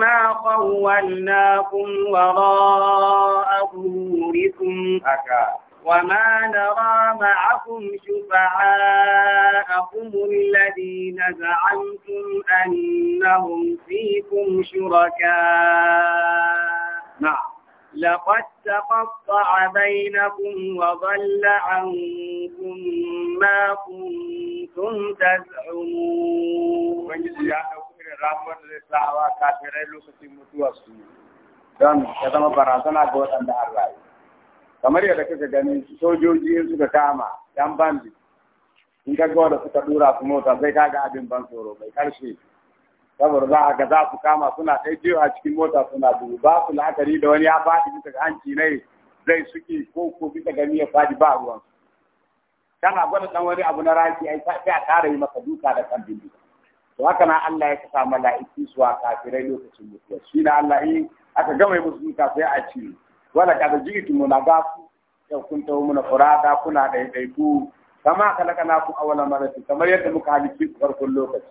ما خولناكم وراء ظهوركم وما نرى معكم شفعاءكم الذين زعمتم أنهم فيكم شركاء نعم لقد تقطع بينكم وضل عنكم ما كنتم تزعمون ubangiji ya ɗauki irin ramuwar da zai sa'awa zama barazana kamar yadda kaka gani sojoji suka kama yan bandi in ka ga da suka dura su mota zai kaga abin ban tsoro bai karshe saboda za a ga za su kama suna ɗai jiyo a cikin mota suna dubu ba su la'akari da wani ya faɗi bisa ga hanci ne zai suke ko ko bisa gani ya faɗi ba ruwan a gwada ɗan wani abu na raki yi sai a ƙara yi maka duka da kan bindi to haka na Allah ya kasa mala'iki su a kafirai lokacin mutuwa shi na Allah in aka gama yi musu duka sai a ciye wala kada jigitu muna gafu ya kun na muna furada kuna da ku kama na ku awala marati kamar yadda muka halicci ku farkon lokaci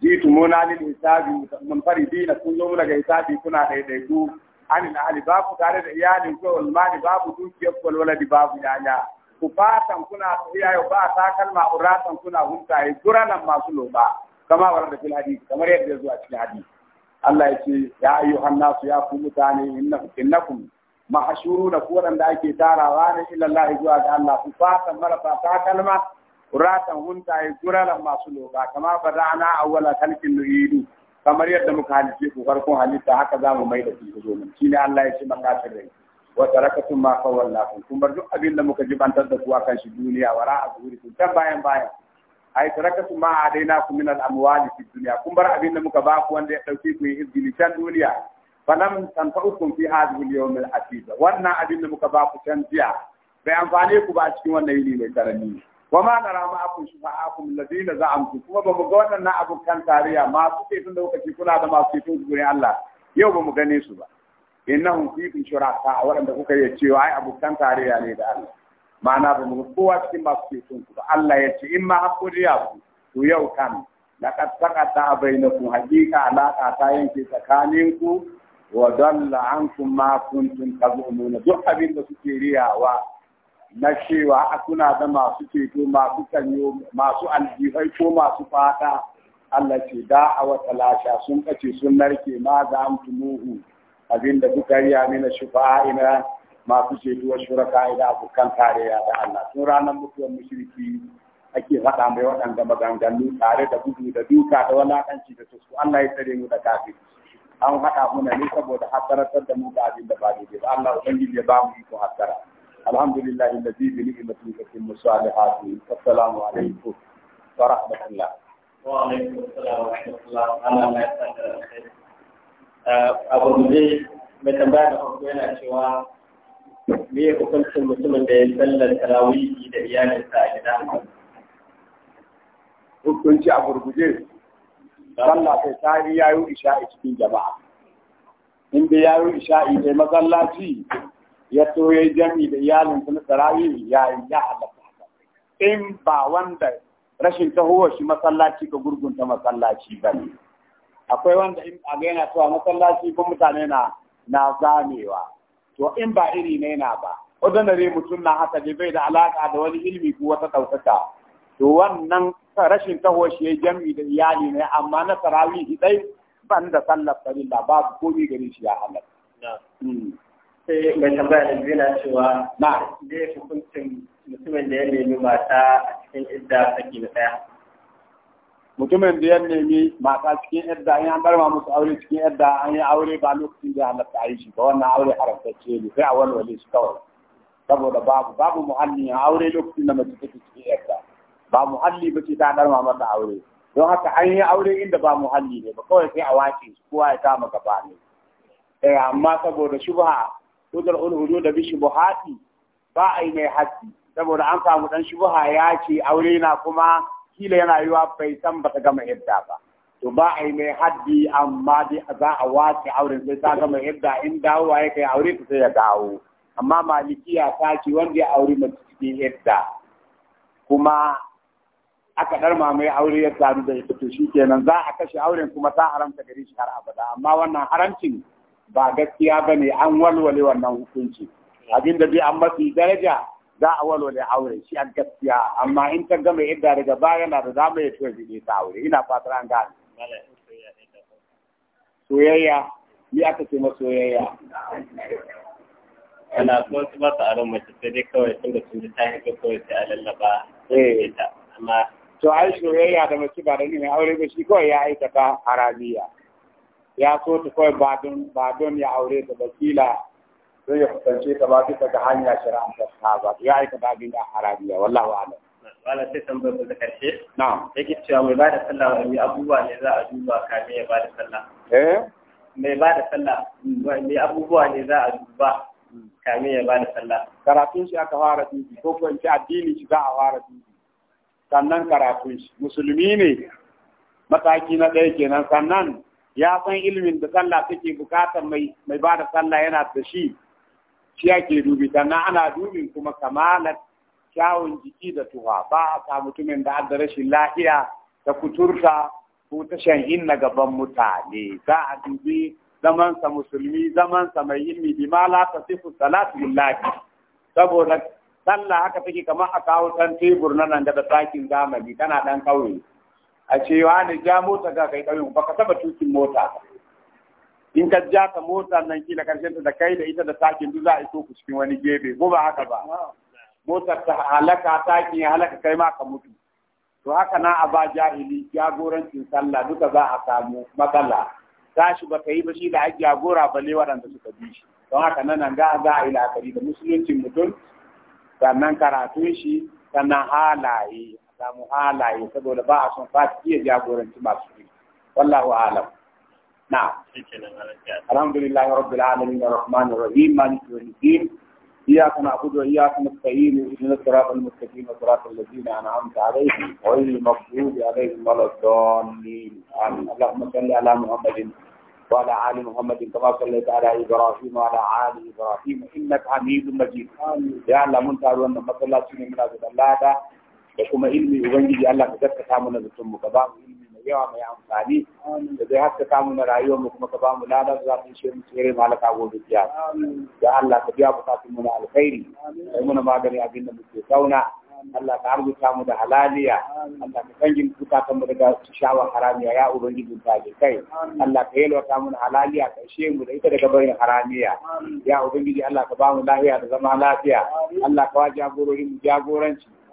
jitu muna lil hisabi mun na kun zo muna ga hisabi kuna da ku an na ahli babu tare da iyalin ku wal babu dukiyar ku wal waladi babu yaya ku fatan kuna yau? ba ta kalma uratan kuna huntaye guranan masu loba kama da fil hadisi kamar yadda zuwa cikin hadisi Allah ya ce ya ayyuhan nasu ya ku mutane innakum mahashuru da waɗanda ake tarawa na illallah zuwa ga Allah Ku fatan marasa ta kalma ratan hunta yi guraran masu loka Kamar ba da ana awwala kalkin nu'idu kamar yadda muka halice ku farkon halitta haka za mu mai da su zo mun shine Allah ya ce makasir rai wa tarakatun ma kawallakum kun bar duk abin da muka jibantar da ku akan shi duniya wara a zuhurikum can bayan bayan ai tarakatu ma adaina ku min al-amwali fi dunya kun bar abin da muka ba ku wanda ya dauke ku yi izgili can duniya falam tanfa'ukum fi hadhihi al-yawm al-aziz wannan abin da muka baku ku can jiya bai amfani ku ba a cikin wannan yini mai karami wa ma nara ma akum shufa'akum alladhina za'amtu kuma ba mu ga waɗannan abokan tarayya masu ce tun lokaci kuna da masu ce tun gurin Allah yau ba mu gane su ba innahum fiikum shuraka waɗanda kuka yi cewa ai abokan tariya ne da Allah ma'ana ba mu ga kowa cikin masu ce ku ba Allah ya ce in ma hakuriya ku to yau a laqad taqata bainakum haqiqa alaqa ta yanke tsakaninku wa dalla ankum ma kuntum tazumuna duk abin da suke riyawa na cewa akuna da masu ceto masu kanyo masu aljihai ko masu fata Allah ce da a wata lasha sun kace sun narke ma za muhu abin da kuka riya mina ina masu ceto wa shuraka ida abokan kariya da Allah tun ranar mutuwar mushriki ake faɗa mai waɗanda maganganu tare da gudu da duka da wani walakanci da su Allah ya tsare mu da kafirci an haɗa muna ne saboda hasaratar da mu ga abin da ba daidai ba Allah ubangiji ya ba mu iko hasara alhamdulillah alladhi bi ni'matihi tatimmu salihati assalamu alaikum wa rahmatullah wa alaikum assalam wa rahmatullah ana mai tsada abu ne mai tambaya da farko yana cewa me ya hukuncin mutumin da ya sallar tarawihi da iyalinsa a gida hukunci a gurguje sallah sai sari ya yi isha'i cikin jama'a in ya yi isha'i mai masallaci ya to ya yi jami da iyalin na tsarayi ya yi ya halatta haka in ba wanda rashin tahowar shi masallaci ka gurgunta masallaci ba ne akwai wanda in a gaina cewa masallaci ko mutane na na zamewa to in ba iri ne na ba ordinary mutum na haka bai da alaka da wani ilimi ko wata ɗaukaka to wannan rashin taho shi ya jami da iyali ne amma na tarawih hidai, ban da sallar ba babu komai gani shi ya halar. Mm. sai mai tambaya da zina cewa na zai hukuncin mutumin da ya nemi mata a cikin idda saki na daya mutumin da ya nemi mata cikin idda an yi barma musu aure cikin idda an yi aure ba lokacin da halatta a yi shi ba wannan aure haramtacce ne sai a walwale shi kawai saboda babu babu muhalli aure lokacin da mace take cikin idda ba muhalli ba ce ta darma masa aure don haka an yi aure inda ba muhalli ne ba kawai sai a wace su kowa ya kama gaba ne eh amma saboda shubha tudar ulhudu da bi haɗi, ba a yi mai haddi saboda an samu dan shubha ya ce aure na kuma kila yana yiwa bai san ba ta gama idda ba to ba a yi mai haddi amma dai za a wace auren sai ta gama idda in dawowa ya kai aure ta sai ya dawo amma malikiya ta ce wanda ya aure mace cikin idda kuma aka dar mamaye aure ya taru da ita to shi kenan za a kashe auren kuma ta haramta gare shi har abada amma wannan haramcin ba gaskiya ba ne an walwale wannan hukunci abinda bi an mafi daraja za a walwale aure shi a gaskiya amma in ta gama yadda daga baya na da zama ya tuwa jini ta aure ina fatar an gane soyayya ni aka ce ma soyayya ana kuma su ba su aron mace sai dai kawai sun da sun ji ta haifi kawai sai a lallaba eh. ta amma to Aisha soyayya da mace ba da ni mai aure ba shi kawai ya aikata haramiya ya so ta kawai ba don ba don ya aure ta bakila zai ya kusance ta ba bisa ga hanya shari'a ta saba ya aikata abin da haramiya wallahu a'lam wala sai tambayar ku ta karshe na'am yake cewa mai bada sallah wani abubuwa ne za a duba kamin ya bada sallah eh mai bada sallah mai abubuwa ne za a duba kamin ya bada sallah karatun shi aka fara dubi ko ko addini shi za a fara dubi sannan karatun shi musulmi ne mataki na ɗaya kenan sannan ya san ilimin da sallah take bukatar mai mai ba da sallah yana da shi shi ake dubi sannan ana dubin kuma kamalar kyawun jiki da tuwa ba a sa mutumin da adda rashin lafiya da kuturta ko ta shan inna gaban mutane za a dubi zamansa musulmi zamansa mai ilimi bi ma la salatu lillahi saboda sallah haka take kamar a kawo ɗan tebur na nan daga sakin zamani kana ɗan ƙauye a cewa ne ja mota ga kai ƙauyen baka taɓa tukin mota in ka ja ka mota nan kila karshen ta da kai da ita da sakin duk za a iso ku cikin wani gefe ko ba haka ba motar ta halaka tsakin ya halaka kai ma ka mutu to haka na a ba jahili jagorancin sallah duka za a samu matsala tashi ba ka yi ba shi da ake jagora balle waɗanda suka bi shi don haka nan ga za a yi la'akari da musuluncin mutum sannan karatun shi sannan halaye samu halaye saboda ba a son fati ya jagoranci masu ne wallahu alam na alhamdulillah rabbil alamin arrahmanir rahim maliki yawmiddin إياك نعبد وإياك نستعين اهدنا الصراط المستقيم صراط الذين أنعمت عليهم غير المغضوب عليهم ولا الضالين آمين اللهم صل على محمد وعلى آل محمد a صليت على إبراهيم وعلى آل إبراهيم إنك حميد مجيد يا الله من تارو أن مصلى سنة من هذا الله da kuma ilmi ubangiji Allah ka gaskata mana mutum mu ka ba mu mai yawa mai amfani da zai haskaka mu na rayuwar mu kuma ka ba mu lada za mu shi mu tsere malaka gobe kiya ya Allah ka biya bukatun mu na alkhairi kai mu maganin magani abin da muke zauna. Allah ka arzuta mu da halaliya Allah ka kangin kuka mu daga shawar haramiya ya ubangiji ta ke kai Allah ka yalwata mu da halaliya ka ishe mu da ita daga barin haramiya ya ubangiji Allah ka ba mu lafiya da zama lafiya Allah ka wa jagorori mu jagoranci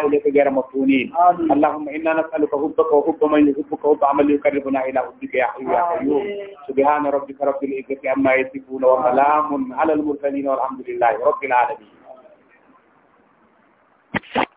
وردنا إليك غير مفتونين اللهم إنا نسألك حبك وحب من يحبك وحب عمل يقربنا إلى حبك يا حي يا قيوم سبحان ربك رب العزة عما يصفون وسلام على المرسلين والحمد لله رب العالمين